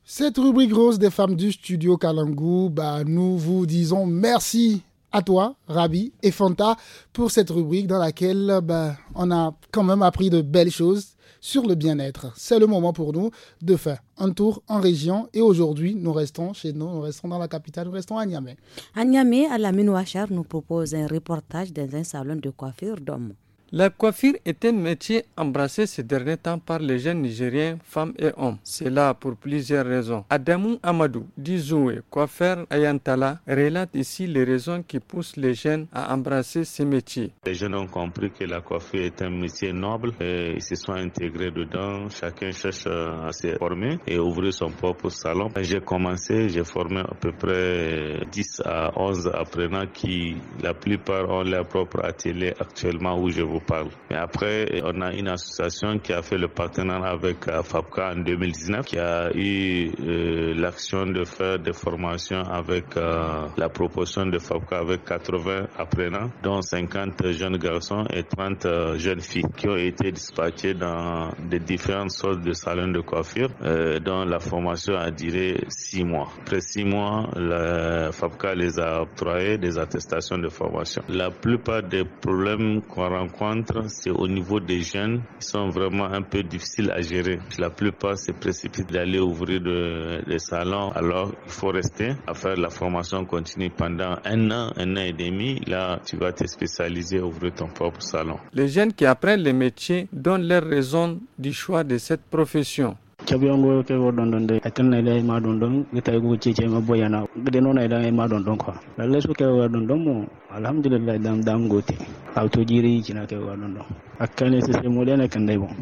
Cette rubrique rose des femmes du studio Kalangu, bah, nous vous disons merci à toi, Rabi et Fanta, pour cette rubrique dans laquelle bah, on a quand même appris de belles choses sur le bien-être. C'est le moment pour nous de faire un tour en région et aujourd'hui, nous restons chez nous, nous restons dans la capitale, nous restons à Niamey. À Niamey, la Ouachar nous propose un reportage dans un salon de coiffure d'hommes. La coiffure est un métier embrassé ces derniers temps par les jeunes Nigériens, femmes et hommes. C'est là pour plusieurs raisons. Adamou Amadou, Dizoué, coiffeur Ayantala, relate ici les raisons qui poussent les jeunes à embrasser ces métiers. Les jeunes ont compris que la coiffure est un métier noble et ils se sont intégrés dedans. Chacun cherche à se former et ouvrir son propre salon. J'ai commencé, j'ai formé à peu près 10 à 11 apprenants qui, la plupart, ont leur propre atelier actuellement où je vous parle. après, on a une association qui a fait le partenariat avec euh, FAPCA en 2019, qui a eu euh, l'action de faire des formations avec euh, la proportion de FAPCA avec 80 apprenants, dont 50 jeunes garçons et 30 jeunes filles qui ont été dispatchés dans des différentes sortes de salons de coiffure, dont la formation a duré six mois. Après six mois, la FAPCA les a octroyés des attestations de formation. La plupart des problèmes qu'on rencontre c'est au niveau des jeunes qui sont vraiment un peu difficiles à gérer. La plupart se précipitent d'aller ouvrir des salons. Alors, il faut rester à faire la formation continue pendant un an, un an et demi. Là, tu vas te spécialiser, ouvrir ton propre salon. Les jeunes qui apprennent les métiers donnent leurs raisons du choix de cette profession. Cabiyango ke go don don de akan na dai ma don don ga ta go ma boyana gade nona dai ma don ko kwa lalle su ke go don don mu alhamdulillah dam dam gote auto jiri kina ke go don don akan ne sai mu dai na kan dai bon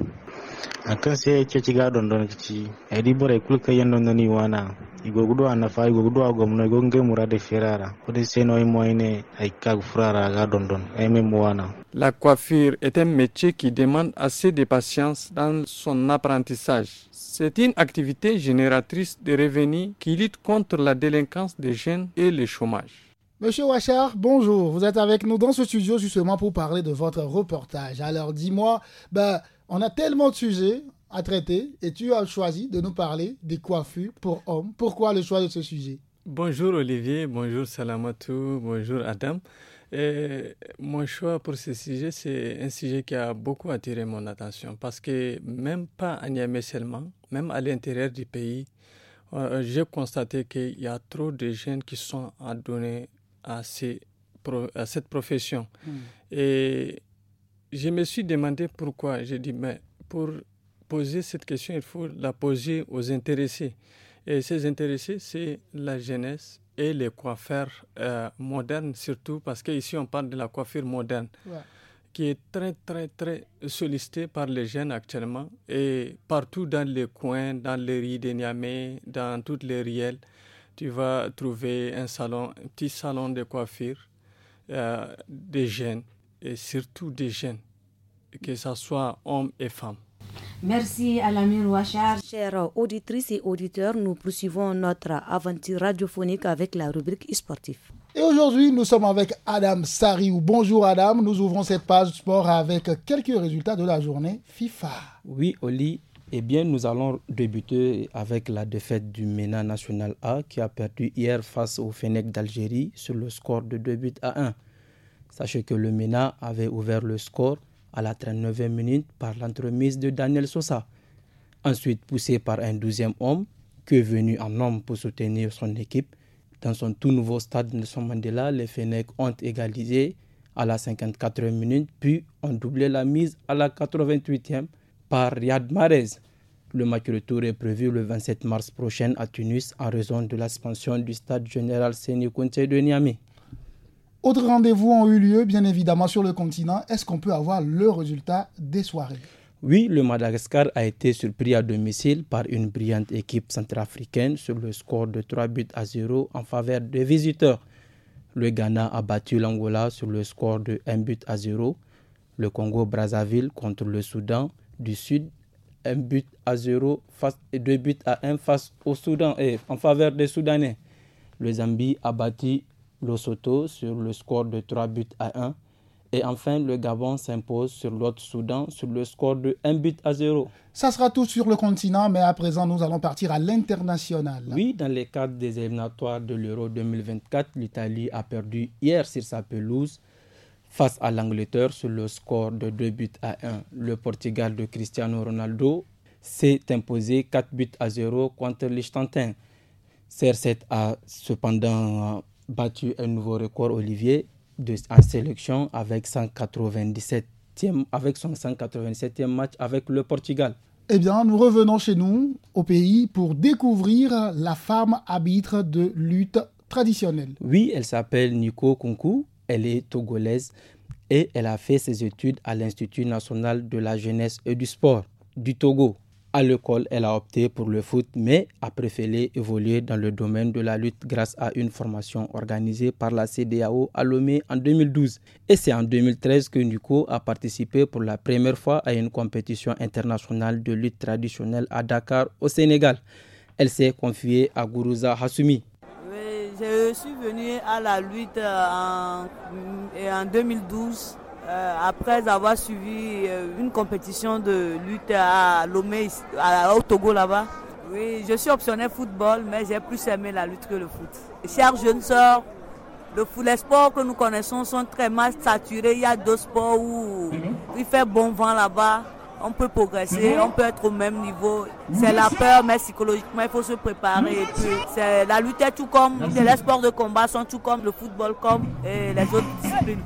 akan sai ke ci ga don don ci edi bore kul ka yan don ni wana igogudu anafa igogudu agomno igonge murade ferara ode seno imoine aika furara ga don don eme muwana La coiffure est un métier qui demande assez de patience dans son apprentissage. C'est une activité génératrice de revenus qui lutte contre la délinquance des jeunes et le chômage. Monsieur Wachar, bonjour. Vous êtes avec nous dans ce studio justement pour parler de votre reportage. Alors dis-moi, ben, on a tellement de sujets à traiter et tu as choisi de nous parler des coiffures pour hommes. Pourquoi le choix de ce sujet Bonjour Olivier, bonjour Salamatou, bonjour Adam. Et mon choix pour ce sujet, c'est un sujet qui a beaucoup attiré mon attention parce que même pas à Niamey seulement, même à l'intérieur du pays, euh, euh, j'ai constaté qu'il y a trop de jeunes qui sont adonnés à, ces, à cette profession. Hmm. Et je me suis demandé pourquoi. J'ai dit, mais pour poser cette question, il faut la poser aux intéressés. Et ces intéressés, c'est la jeunesse et les coiffeurs euh, modernes, surtout parce qu'ici on parle de la coiffure moderne, qui est très, très, très sollicitée par les jeunes actuellement. Et partout dans les coins, dans les rues de Niamey, dans toutes les rielles, tu vas trouver un salon, un petit salon de coiffure euh, des jeunes, et surtout des jeunes, que ce soit hommes et femmes. Merci à l'amir Ouachar. Chères auditrices et auditeurs, nous poursuivons notre aventure radiophonique avec la rubrique e-sportif. Et aujourd'hui, nous sommes avec Adam Sariou. Bonjour Adam, nous ouvrons cette page sport avec quelques résultats de la journée FIFA. Oui, Oli, eh bien, nous allons débuter avec la défaite du MENA National A qui a perdu hier face au Fennec d'Algérie sur le score de 2 buts à 1. Sachez que le MENA avait ouvert le score à la 39e minute par l'entremise de Daniel Sosa. Ensuite poussé par un 12e homme, que venu en homme pour soutenir son équipe, dans son tout nouveau stade Nelson Mandela, les Fenech ont égalisé à la 54e minute, puis ont doublé la mise à la 88e par Riyad Marez. Le match retour est prévu le 27 mars prochain à Tunis en raison de l'expansion du stade général séné Conte de Niamey. Autres rendez-vous ont eu lieu, bien évidemment, sur le continent. Est-ce qu'on peut avoir le résultat des soirées oui, le Madagascar a été surpris à domicile par une brillante équipe centrafricaine sur le score de 3 buts à 0 en faveur des visiteurs. Le Ghana a battu l'Angola sur le score de 1 but à 0. Le Congo-Brazzaville contre le Soudan du Sud, 1 but à 0 face, et 2 buts à 1 face au Soudan et en faveur des Soudanais. Le Zambie a battu L'Osoto sur le score de 3 buts à 1. Et enfin, le Gabon s'impose sur l'autre Soudan sur le score de 1 but à 0. Ça sera tout sur le continent, mais à présent, nous allons partir à l'international. Oui, dans les cadres des éliminatoires de l'Euro 2024, l'Italie a perdu hier sur sa pelouse face à l'Angleterre sur le score de 2 buts à 1. Le Portugal de Cristiano Ronaldo s'est imposé 4 buts à 0 contre l'Istantin. CR7 a cependant battu un nouveau record, Olivier, en sélection avec, 197e, avec son 197 e match avec le Portugal. Eh bien, nous revenons chez nous, au pays, pour découvrir la femme arbitre de lutte traditionnelle. Oui, elle s'appelle Nico Kunku, elle est togolaise et elle a fait ses études à l'Institut national de la jeunesse et du sport du Togo. À l'école, elle a opté pour le foot, mais a préféré évoluer dans le domaine de la lutte grâce à une formation organisée par la CDAO à Lomé en 2012. Et c'est en 2013 que Nuko a participé pour la première fois à une compétition internationale de lutte traditionnelle à Dakar, au Sénégal. Elle s'est confiée à Gourouza Hassoumi. je suis venue à la lutte euh, en 2012 euh, après avoir suivi euh, une compétition de lutte à Lomé, à, au Togo là-bas. Oui, je suis optionné football, mais j'ai plus aimé la lutte que le foot. Chers jeunes sœurs, le foot, les sports que nous connaissons sont très mal saturés. Il y a deux sports où mhm. il fait bon vent là-bas. On peut progresser, mhm. on peut être au même niveau. Mhm. C'est la peur, mais psychologiquement, il faut se préparer. c'est, la lutte est tout comme, les sports de combat sont tout comme, le football comme, et les autres disciplines.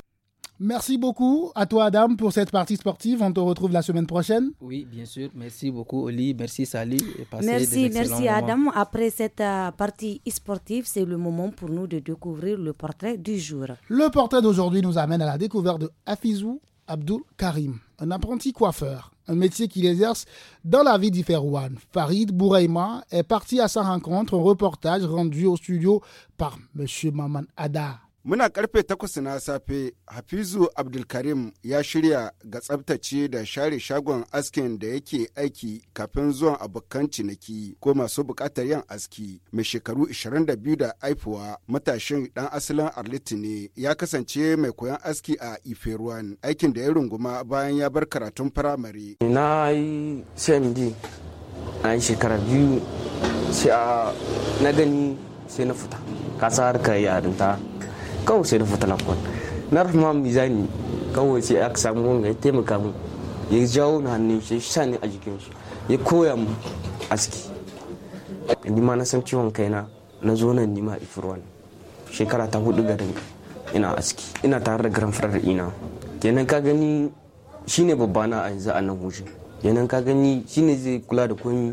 Merci beaucoup à toi, Adam, pour cette partie sportive. On te retrouve la semaine prochaine. Oui, bien sûr. Merci beaucoup, Oli. Merci, Sally. merci, merci, Adam. Après cette euh, partie sportive, c'est le moment pour nous de découvrir le portrait du jour. Le portrait d'aujourd'hui nous amène à la découverte de Afizou Abdul Karim, un apprenti coiffeur, un métier qu'il exerce dans la vie d'Iferouane. Farid Bouraima est parti à sa rencontre, un reportage rendu au studio par M. Maman Adar. Muna karfe takwas na safe, Hafizu Abdulkarim ya shirya ga tsabtace da share shagon askin da yake aiki kafin zuwan abokan ciniki ko masu bukatar yin aski. Mai shekaru 22 da aifuwa matashin dan asalin Arliti ne ya kasance mai koyon aski a Iferuwan aikin da ya runguma bayan ya bar karatun firamare. Na yi CMD a shekara biyu sai na gani sai na fita. Kasa kawai sai da fita lakon na rufe ma mizani kawai sai aka samu wanga ya taimaka mu ya jawo na hannun shi sa ni a jikin shi ya koya mu aski ni ma na san ciwon kaina na zo nan ni ma ifirwan shekara ta hudu garin ina aski ina tare da garan firar ina kenan ka gani shine babba na a yanzu a nan yanan kenan ka gani shine zai kula da komi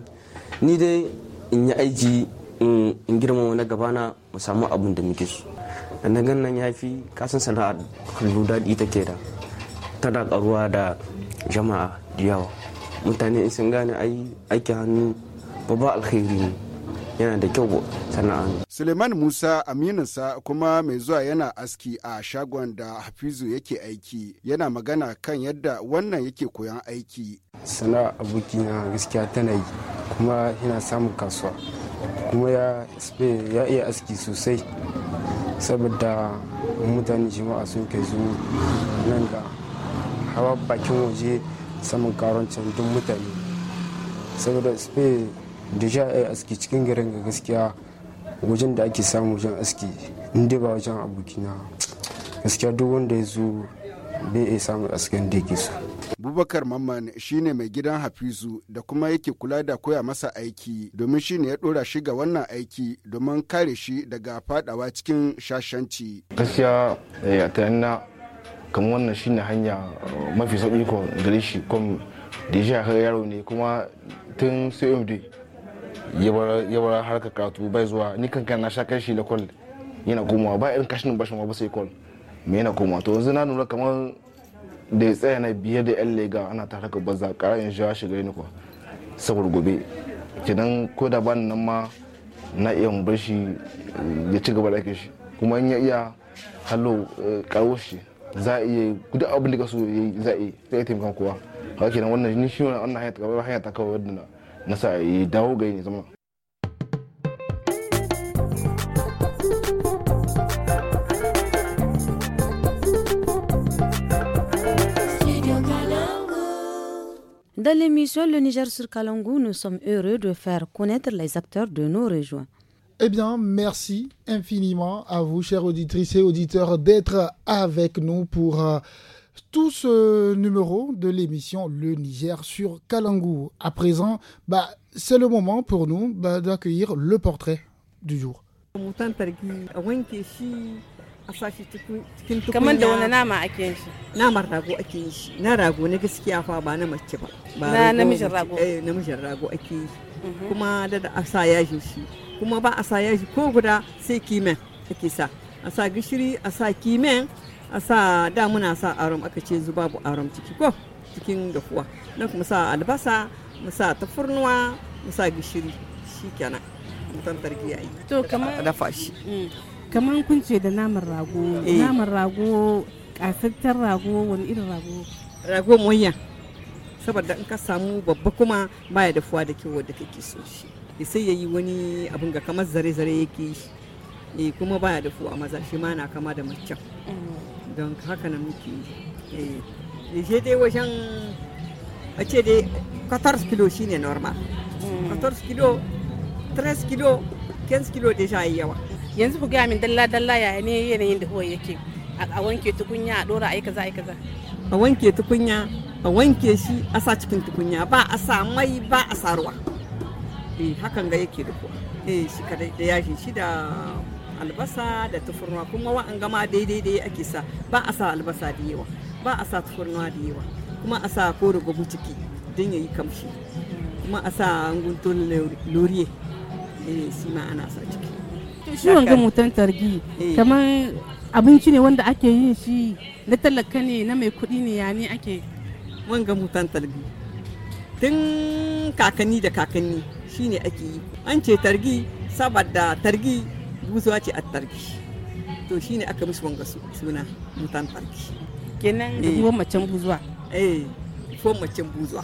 ni dai in yi aiki in girma na gabana mu samu abin da muke so na nan ya fi kasan sana'ar kallo daɗi ta ke da tana karuwa da jama'a da yawa mutane in sun gane aiki hannu babba alkhairi ne yana da kyau sana'a suleiman musa aminansa kuma mai zuwa yana aski a shagon da hafizu yake aiki yana magana kan yadda wannan yake koyan aiki sana'a na gaskiya tana yi kuma yana samun kasuwa kuma ya iya aski sosai saboda mutane jima'a sun ke zuwa nan ga hawa bakin waje saman karancin duk mutane saboda spain sha a aski cikin garin ga gaskiya wajen da ake samu wajen aski inda ba wajen abokina gaskiya duk wanda ya zo bai iya samun a cikin su. Bubakar Mamman shine mai gidan Hafizu da kuma yake kula da koya masa aiki domin shine ya dora shi ga wannan aiki domin kare shi daga fadawa cikin shashanci. Gaskiya ta eh, tayanna kamar wannan shine hanya eh, mafi sauki ko gare shi kom da ya shi yaro ne kuma tun CMD ya bar harkar karatu bai zuwa ni kankan na sha kai shi da kwal yana komawa ba irin kashin bashin ba sai kwal. me na koma to yanzu na nuna kamar da ya tsaya na biyar da yan lega ana ta haka baza kara in shiga shiga ni kuwa saboda gobe kenan ko da bani nan ma na iya mu bar shi ya ci gaba da ake shi kuma in ya iya hallo karo eh, shi za a iya guda abin da ka so za a iya za a taimaka kowa haka kenan wannan shi ne wannan hanyar ta kawai wadda na sa ya dawo ga yi ne zama Dans l'émission Le Niger sur Kalangou, nous sommes heureux de faire connaître les acteurs de nos régions. Eh bien, merci infiniment à vous, chers auditrices et auditeurs, d'être avec nous pour euh, tout ce numéro de l'émission Le Niger sur Kalangou. À présent, bah, c'est le moment pour nous bah, d'accueillir le portrait du jour. a sashi cikin tukunya kamar da wani nama ake yin shi namar rago ake yin shi na rago na gaskiya fa ba na mace ba na namijin rago eh namijin rago ake yi mhm. kuma da da asa yajin shi kuma ba a sa yaji ko guda sai kimen ake sa a sa gishiri a sa kimen a sa da muna sa arom aka ce zuba bu arom ciki ko cikin dafuwa na kuma sa albasa mu sa tafurnuwa mu sa gishiri shikenan mutan tarkiya yi to kamar dafa shi mm. kamar kun ce da naman rago eh. naman rago kasattar rago wani irin rago rago moya saboda in ka samu babba kuma baya da fuwa da kyau da kake so shi sai ya yi wani abin ga kamar zare-zare yake shi kuma baya da fuwa maza shi ma na kama da macen eh. don haka na muke yi shi eh. dai wajen a ce dai 14 kilo shi ne normal 14 kilo 3 kilo 15 kilo deja yi yawa yanzu ku gaya min dalla dalla ya ne yanayin da huwai yake a wanke tukunya a dora aika kaza aika kaza a wanke tukunya a wanke shi a sa cikin tukunya ba a sa mai ba a sa ruwa eh hakan ga yake da kuwa eh shi kadai da yashi shi da albasa da tufurnuwa kuma an gama daidai da ake sa ba a sa albasa da yawa ba a sa tufurnuwa da yawa kuma a sa kore gugu ciki don ya yi kamshi kuma a sa guntun lori eh shi ma ana sa ciki ciwon ga mutan targi eh. kamar abinci ne wanda ake yin shi na talaka ne na mai kuɗi ne ya ne ake wanga mutan targi tun kakanni da kakanni shine ake yi an ce targi saboda targi buzuwa ce a targi to shine aka musu wanga suna mutan targi kenan da eh. ruwan macen buzuwa eh fon macen buzuwa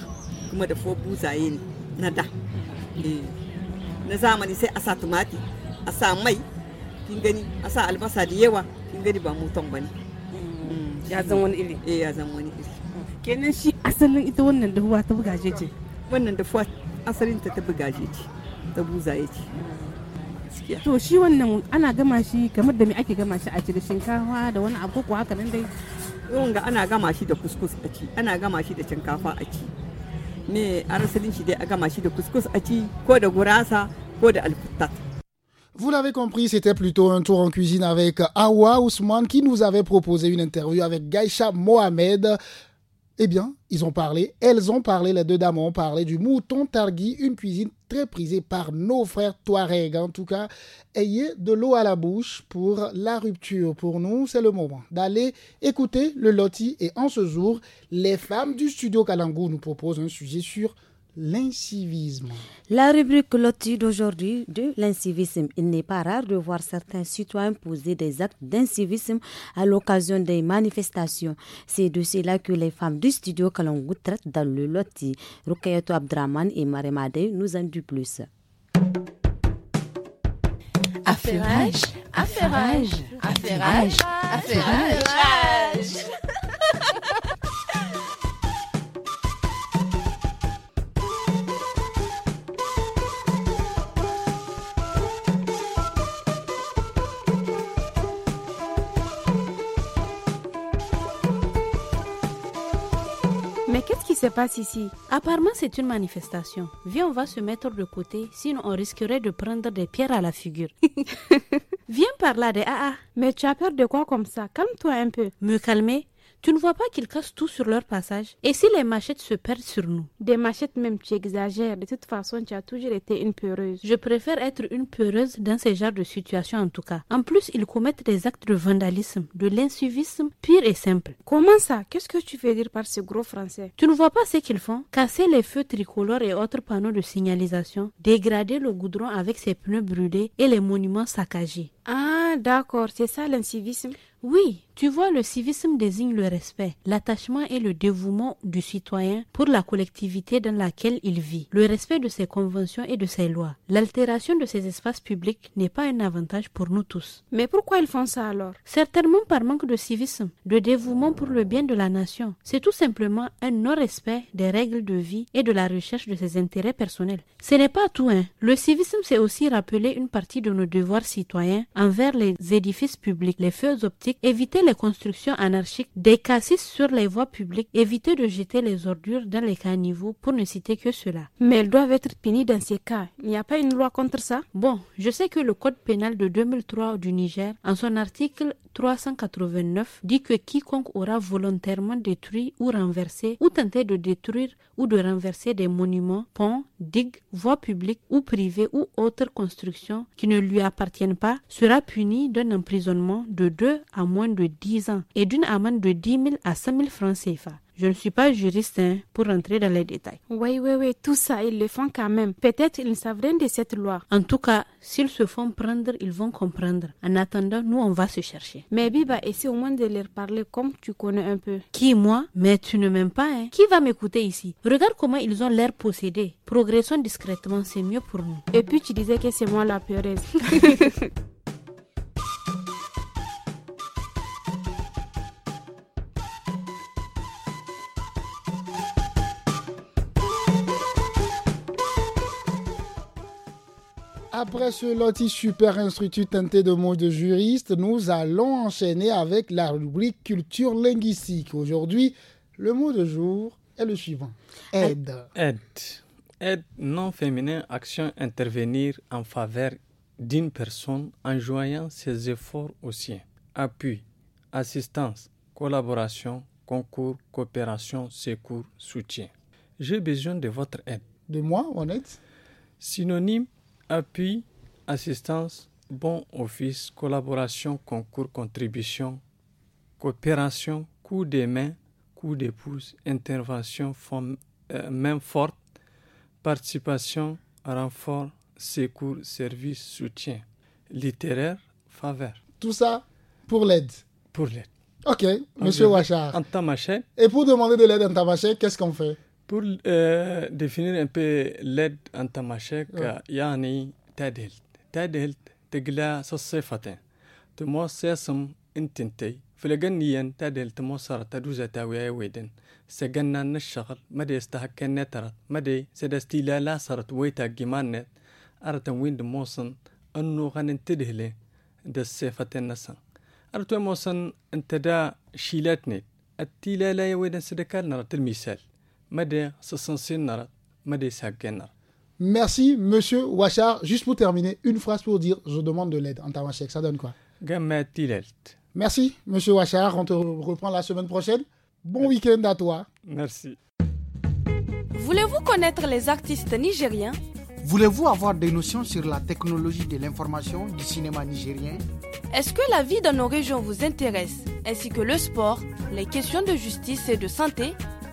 kuma da fon buzaye ne na da eh, na zamani sai a sa tumati a sa mai kin gani a sa albasa da yawa kin gani ba mutum bane ya zan wani iri eh ya zan wani iri kenan shi asalin ita wannan dahuwa ta bugaje ce wannan dahuwa asalin ta ta bugaje ce ta ya ce to shi wannan ana gama shi kamar da me ake gama shi a ci da shinkafa da wani abu ko haka nan dai ga ana gama shi da kuskus a ci ana gama shi da shinkafa a ci me arasalin shi dai a gama shi da kuskus a ci ko da gurasa ko da alfutat Vous l'avez compris, c'était plutôt un tour en cuisine avec Awa Ousmane qui nous avait proposé une interview avec Gaïcha Mohamed. Eh bien, ils ont parlé, elles ont parlé, les deux dames ont parlé du mouton targui, une cuisine très prisée par nos frères Touareg. En tout cas, ayez de l'eau à la bouche pour la rupture. Pour nous, c'est le moment d'aller écouter le loti. Et en ce jour, les femmes du studio Kalangou nous proposent un sujet sur L'incivisme. La rubrique Lotti d'aujourd'hui de l'incivisme. Il n'est pas rare de voir certains citoyens poser des actes d'incivisme à l'occasion des manifestations. C'est de cela que les femmes du studio Kalangou traitent dans le Loti Rukayato Abdraman et Maremade nous en disent plus. Affairage, se passe ici Apparemment, c'est une manifestation. Viens, on va se mettre de côté, sinon on risquerait de prendre des pierres à la figure. Viens par là, des AA. Mais tu as peur de quoi comme ça Calme-toi un peu. Me calmer tu ne vois pas qu'ils cassent tout sur leur passage Et si les machettes se perdent sur nous Des machettes même, tu exagères. De toute façon, tu as toujours été une peureuse. Je préfère être une peureuse dans ce genre de situation en tout cas. En plus, ils commettent des actes de vandalisme, de l'insuivisme pire et simple. Comment ça Qu'est-ce que tu veux dire par ce gros français Tu ne vois pas ce qu'ils font Casser les feux tricolores et autres panneaux de signalisation, dégrader le goudron avec ses pneus brûlés et les monuments saccagés. Ah, d'accord, c'est ça l'incivisme Oui, tu vois, le civisme désigne le respect, l'attachement et le dévouement du citoyen pour la collectivité dans laquelle il vit, le respect de ses conventions et de ses lois. L'altération de ces espaces publics n'est pas un avantage pour nous tous. Mais pourquoi ils font ça alors Certainement par manque de civisme, de dévouement pour le bien de la nation. C'est tout simplement un non-respect des règles de vie et de la recherche de ses intérêts personnels. Ce n'est pas tout, hein. Le civisme, c'est aussi rappeler une partie de nos devoirs citoyens envers les édifices publics, les feux optiques, éviter les constructions anarchiques, des cassis sur les voies publiques, éviter de jeter les ordures dans les caniveaux, pour ne citer que cela. Mais elles doivent être punies dans ces cas. Il n'y a pas une loi contre ça Bon, je sais que le Code pénal de 2003 du Niger, en son article 389, dit que quiconque aura volontairement détruit ou renversé ou tenté de détruire ou de renverser des monuments, ponts, digues, voies publiques ou privées ou autres constructions qui ne lui appartiennent pas sera puni d'un emprisonnement de 2 à moins de 10 ans et d'une amende de 10 000 à 5 000 francs CFA. Je ne suis pas juriste hein, pour rentrer dans les détails. Oui, oui, oui, tout ça, ils le font quand même. Peut-être ils ne savent rien de cette loi. En tout cas, s'ils se font prendre, ils vont comprendre. En attendant, nous, on va se chercher. Mais Biba, essaie au moins de leur parler comme tu connais un peu. Qui, moi Mais tu ne m'aimes pas, hein Qui va m'écouter ici Regarde comment ils ont l'air possédés. Progressons discrètement, c'est mieux pour nous. Et puis tu disais que c'est moi la peureuse. Après ce loti super institut teinté de mots de juriste, nous allons enchaîner avec la rubrique culture linguistique. Aujourd'hui, le mot de jour est le suivant. Aide. Aide. Aide non féminin, action intervenir en faveur d'une personne en joignant ses efforts aux siens. Appui, assistance, collaboration, concours, coopération, secours, soutien. J'ai besoin de votre aide. De moi, honnête Synonyme Appui, assistance, bon office, collaboration, concours, contribution, coopération, coup de main, coup de pouce, intervention, forme, euh, main forte, participation, renfort, secours, service, soutien, littéraire, faveur. Tout ça pour l'aide. Pour l'aide. Ok, monsieur Wachar. Et pour demander de l'aide en tamaché, qu'est-ce qu'on fait Pour euh, définir un peu l'aide أنت مشاك ouais. يعني تدهل تدهل تقلا صفة تموسى سم انتنتي فلقنيا تدهل تموسر تدوزة تاوية ويدن سجنا الشغل مدي استهكنا ترت مدي سدستي لا لا صرت ويتا جمانت أرتن وين موسن أنو غن تدهلي دا الصفة النسان أرتو موسن انت دا شيلاتني التي لا لا يويدن سدكالنا المثال Merci, monsieur Ouachar. Juste pour terminer, une phrase pour dire je demande de l'aide en tamashek. Ça donne quoi Merci, monsieur Ouachar. On te reprend la semaine prochaine. Bon week-end à toi. Merci. Voulez-vous connaître les artistes nigériens Voulez-vous avoir des notions sur la technologie de l'information du cinéma nigérien Est-ce que la vie dans nos régions vous intéresse, ainsi que le sport, les questions de justice et de santé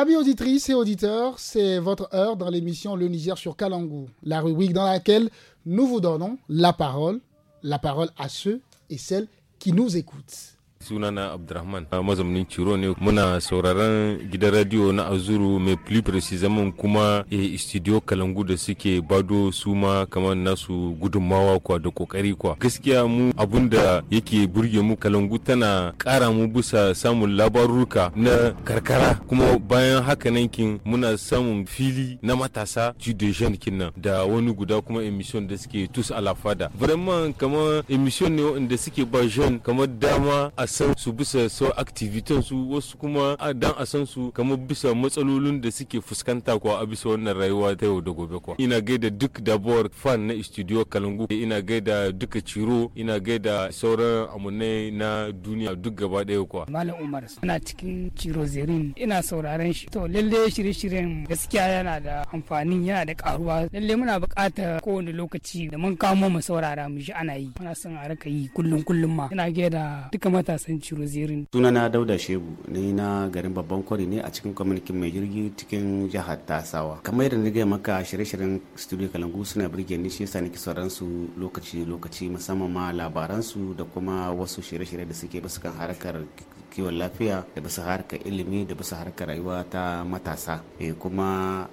Amis auditrices et auditeurs, c'est votre heure dans l'émission Le Niger sur Kalangou, la rubrique dans laquelle nous vous donnons la parole, la parole à ceux et celles qui nous écoutent. sunana abdurrahman mazaunin ciro ne muna sauraron gidan radio na azuru mai plus kuma eh, studio kalangu da suke bado su ma kamar nasu gudunmawa kwa da kokari kwa gaskiya mu abun da yake burge mu kalangu tana kara mu bisa samun labaruka na karkara kuma bayan haka nan kin muna samun fili na matasa judejan kinnan da wani guda kuma emission da suke tus alafada vraiment kamar emission ne wanda suke ba jeune kamar dama a san su bisa so activitan su wasu kuma dan a san su kamar bisa matsalolin da suke fuskanta ko a bisa wannan rayuwa ta yau da gobe kuwa ina gaida duk dabuwar fan na studio kalangu ina gaida duka ciro ina gaida sauran amunai na duniya duk gaba daya kuwa malam umar ina cikin ciro zerin ina sauraren shi to lalle shirye-shiryen gaskiya yana da amfani yana da karuwa lalle muna buƙatar kowane lokaci da mun kamo mu saurara mu ji ana yi muna son a raka yi kullum kullum ma ina gaida duka mata zirin. Suna sunana dauda shebu ni na garin babban kwari ne a cikin kwamitin mai jirgi cikin jihar tasawa kamar yadda na gaya maka shirye-shiryen studio kalangu suna birge ni shi yasa nake sauran su lokaci lokaci musamman ma labaran su da kuma wasu shirye-shirye da suke bisa kan harkar kiwon lafiya da bisa harkar ilimi da bisa harkar rayuwa ta matasa eh, kuma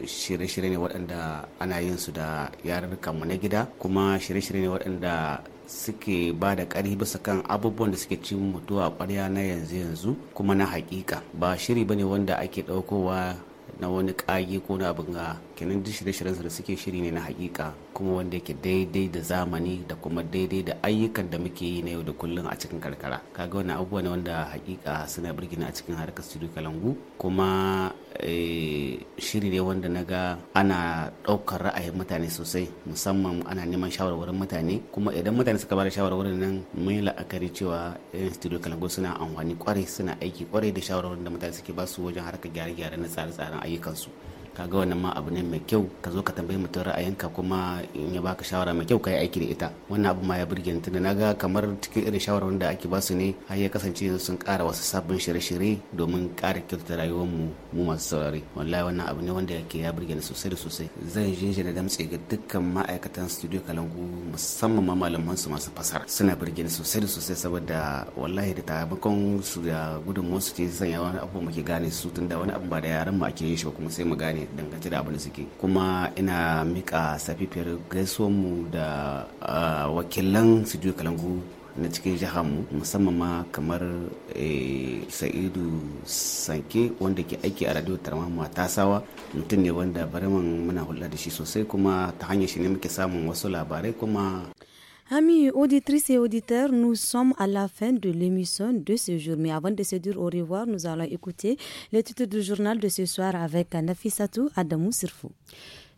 eh, shirye-shirye ne waɗanda ana yin su da yarurrukanmu na gida kuma shirye-shirye ne waɗanda suke ba da ƙari bisa kan abubuwan da suke cin mutuwa ƙwarya na yanzu yanzu kuma na hakika ba shiri ba bane wanda ake ɗaukowa na wani ƙage ko na abin ga kenan duk shirye da suke shiri ne na hakika kuma wanda yake daidai da zamani da kuma daidai da ayyukan da muke yi na yau da kullum a cikin karkara kaga wani abubuwa ne wanda hakika suna birgina a cikin harkar studio kalangu kuma Eh, shiri ne wanda na ga ana ɗaukar ra'ayin mutane sosai musamman ana neman shawarwarin mutane kuma idan mutane suka bada shawarwarin nan mun la'akari cewa yan studio kalango suna amfani kwarai suna aiki kwarai da shawarwarin da mutane suke basu wajen harkar gyare-gyare na tsare-tsaren ayyukansu kaga wannan ma abu ne mai kyau ka zo ka tambayi mutum ra'ayinka kuma in ya baka shawara mai kyau ka yi aiki da ita wannan abu ma ya burge ni tunda naga kamar cikin irin shawarar da ake basu ne har ya kasance sun kara wasu sabbin shirye-shirye domin ƙara kyautata rayuwar mu mu masu saurare wallahi wannan abu ne wanda yake ya burge ni sosai da sosai zan jinje da damtse ga dukkan ma'aikatan studio kalangu musamman ma malaman su masu fasara suna burge ni sosai da sosai saboda wallahi da taimakon su da gudunmuwar su ke sanya wani abu muke gane su tunda wani abu ba da yaran mu ake yin shi ba kuma sai mu gane dangance da abin da suke kuma ina mika safifiyar gaisuwar mu da ah, wakilan studio kalangu na cikin jihar mu musamman ma kamar eh, sa'idu sanke wanda ke aiki a radio tarmama tasawa mutum ne wanda bari muna hulɗa da shi sosai kuma ta hanyar shi ne muke samun wasu labarai kuma Amis auditrices et auditeurs, nous sommes à la fin de l'émission de ce jour. Mais avant de se dire au revoir, nous allons écouter le titre du journal de ce soir avec Satou, Adamou Sirfou.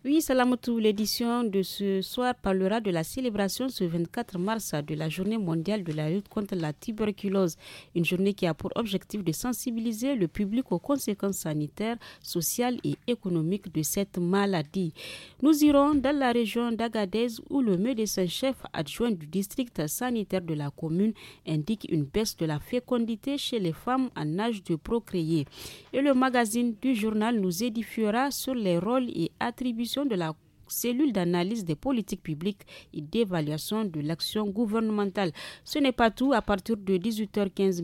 Oui, Salamoutou, l'édition de ce soir parlera de la célébration ce 24 mars de la journée mondiale de la lutte contre la tuberculose, une journée qui a pour objectif de sensibiliser le public aux conséquences sanitaires, sociales et économiques de cette maladie. Nous irons dans la région d'Agadez où le médecin-chef adjoint du district sanitaire de la commune indique une baisse de la fécondité chez les femmes en âge de procréer. Et le magazine du journal nous édifiera sur les rôles et attributions de la cellule d'analyse des politiques publiques et d'évaluation de l'action gouvernementale. Ce n'est pas tout. À partir de 18h15,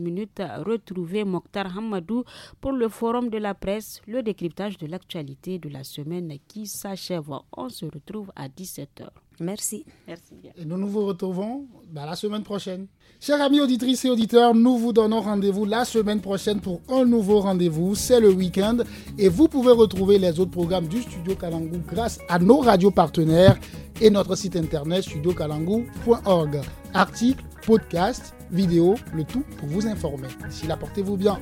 retrouvez Mokhtar Hamadou pour le forum de la presse, le décryptage de l'actualité de la semaine qui s'achève. On se retrouve à 17h. Merci. Merci Et nous nous retrouvons la semaine prochaine. Chers amis auditrices et auditeurs, nous vous donnons rendez-vous la semaine prochaine pour un nouveau rendez-vous. C'est le week-end et vous pouvez retrouver les autres programmes du Studio Kalangou grâce à nos radios partenaires et notre site internet studiokalangou.org. Articles, podcasts, vidéos, le tout pour vous informer. D'ici là, portez-vous bien.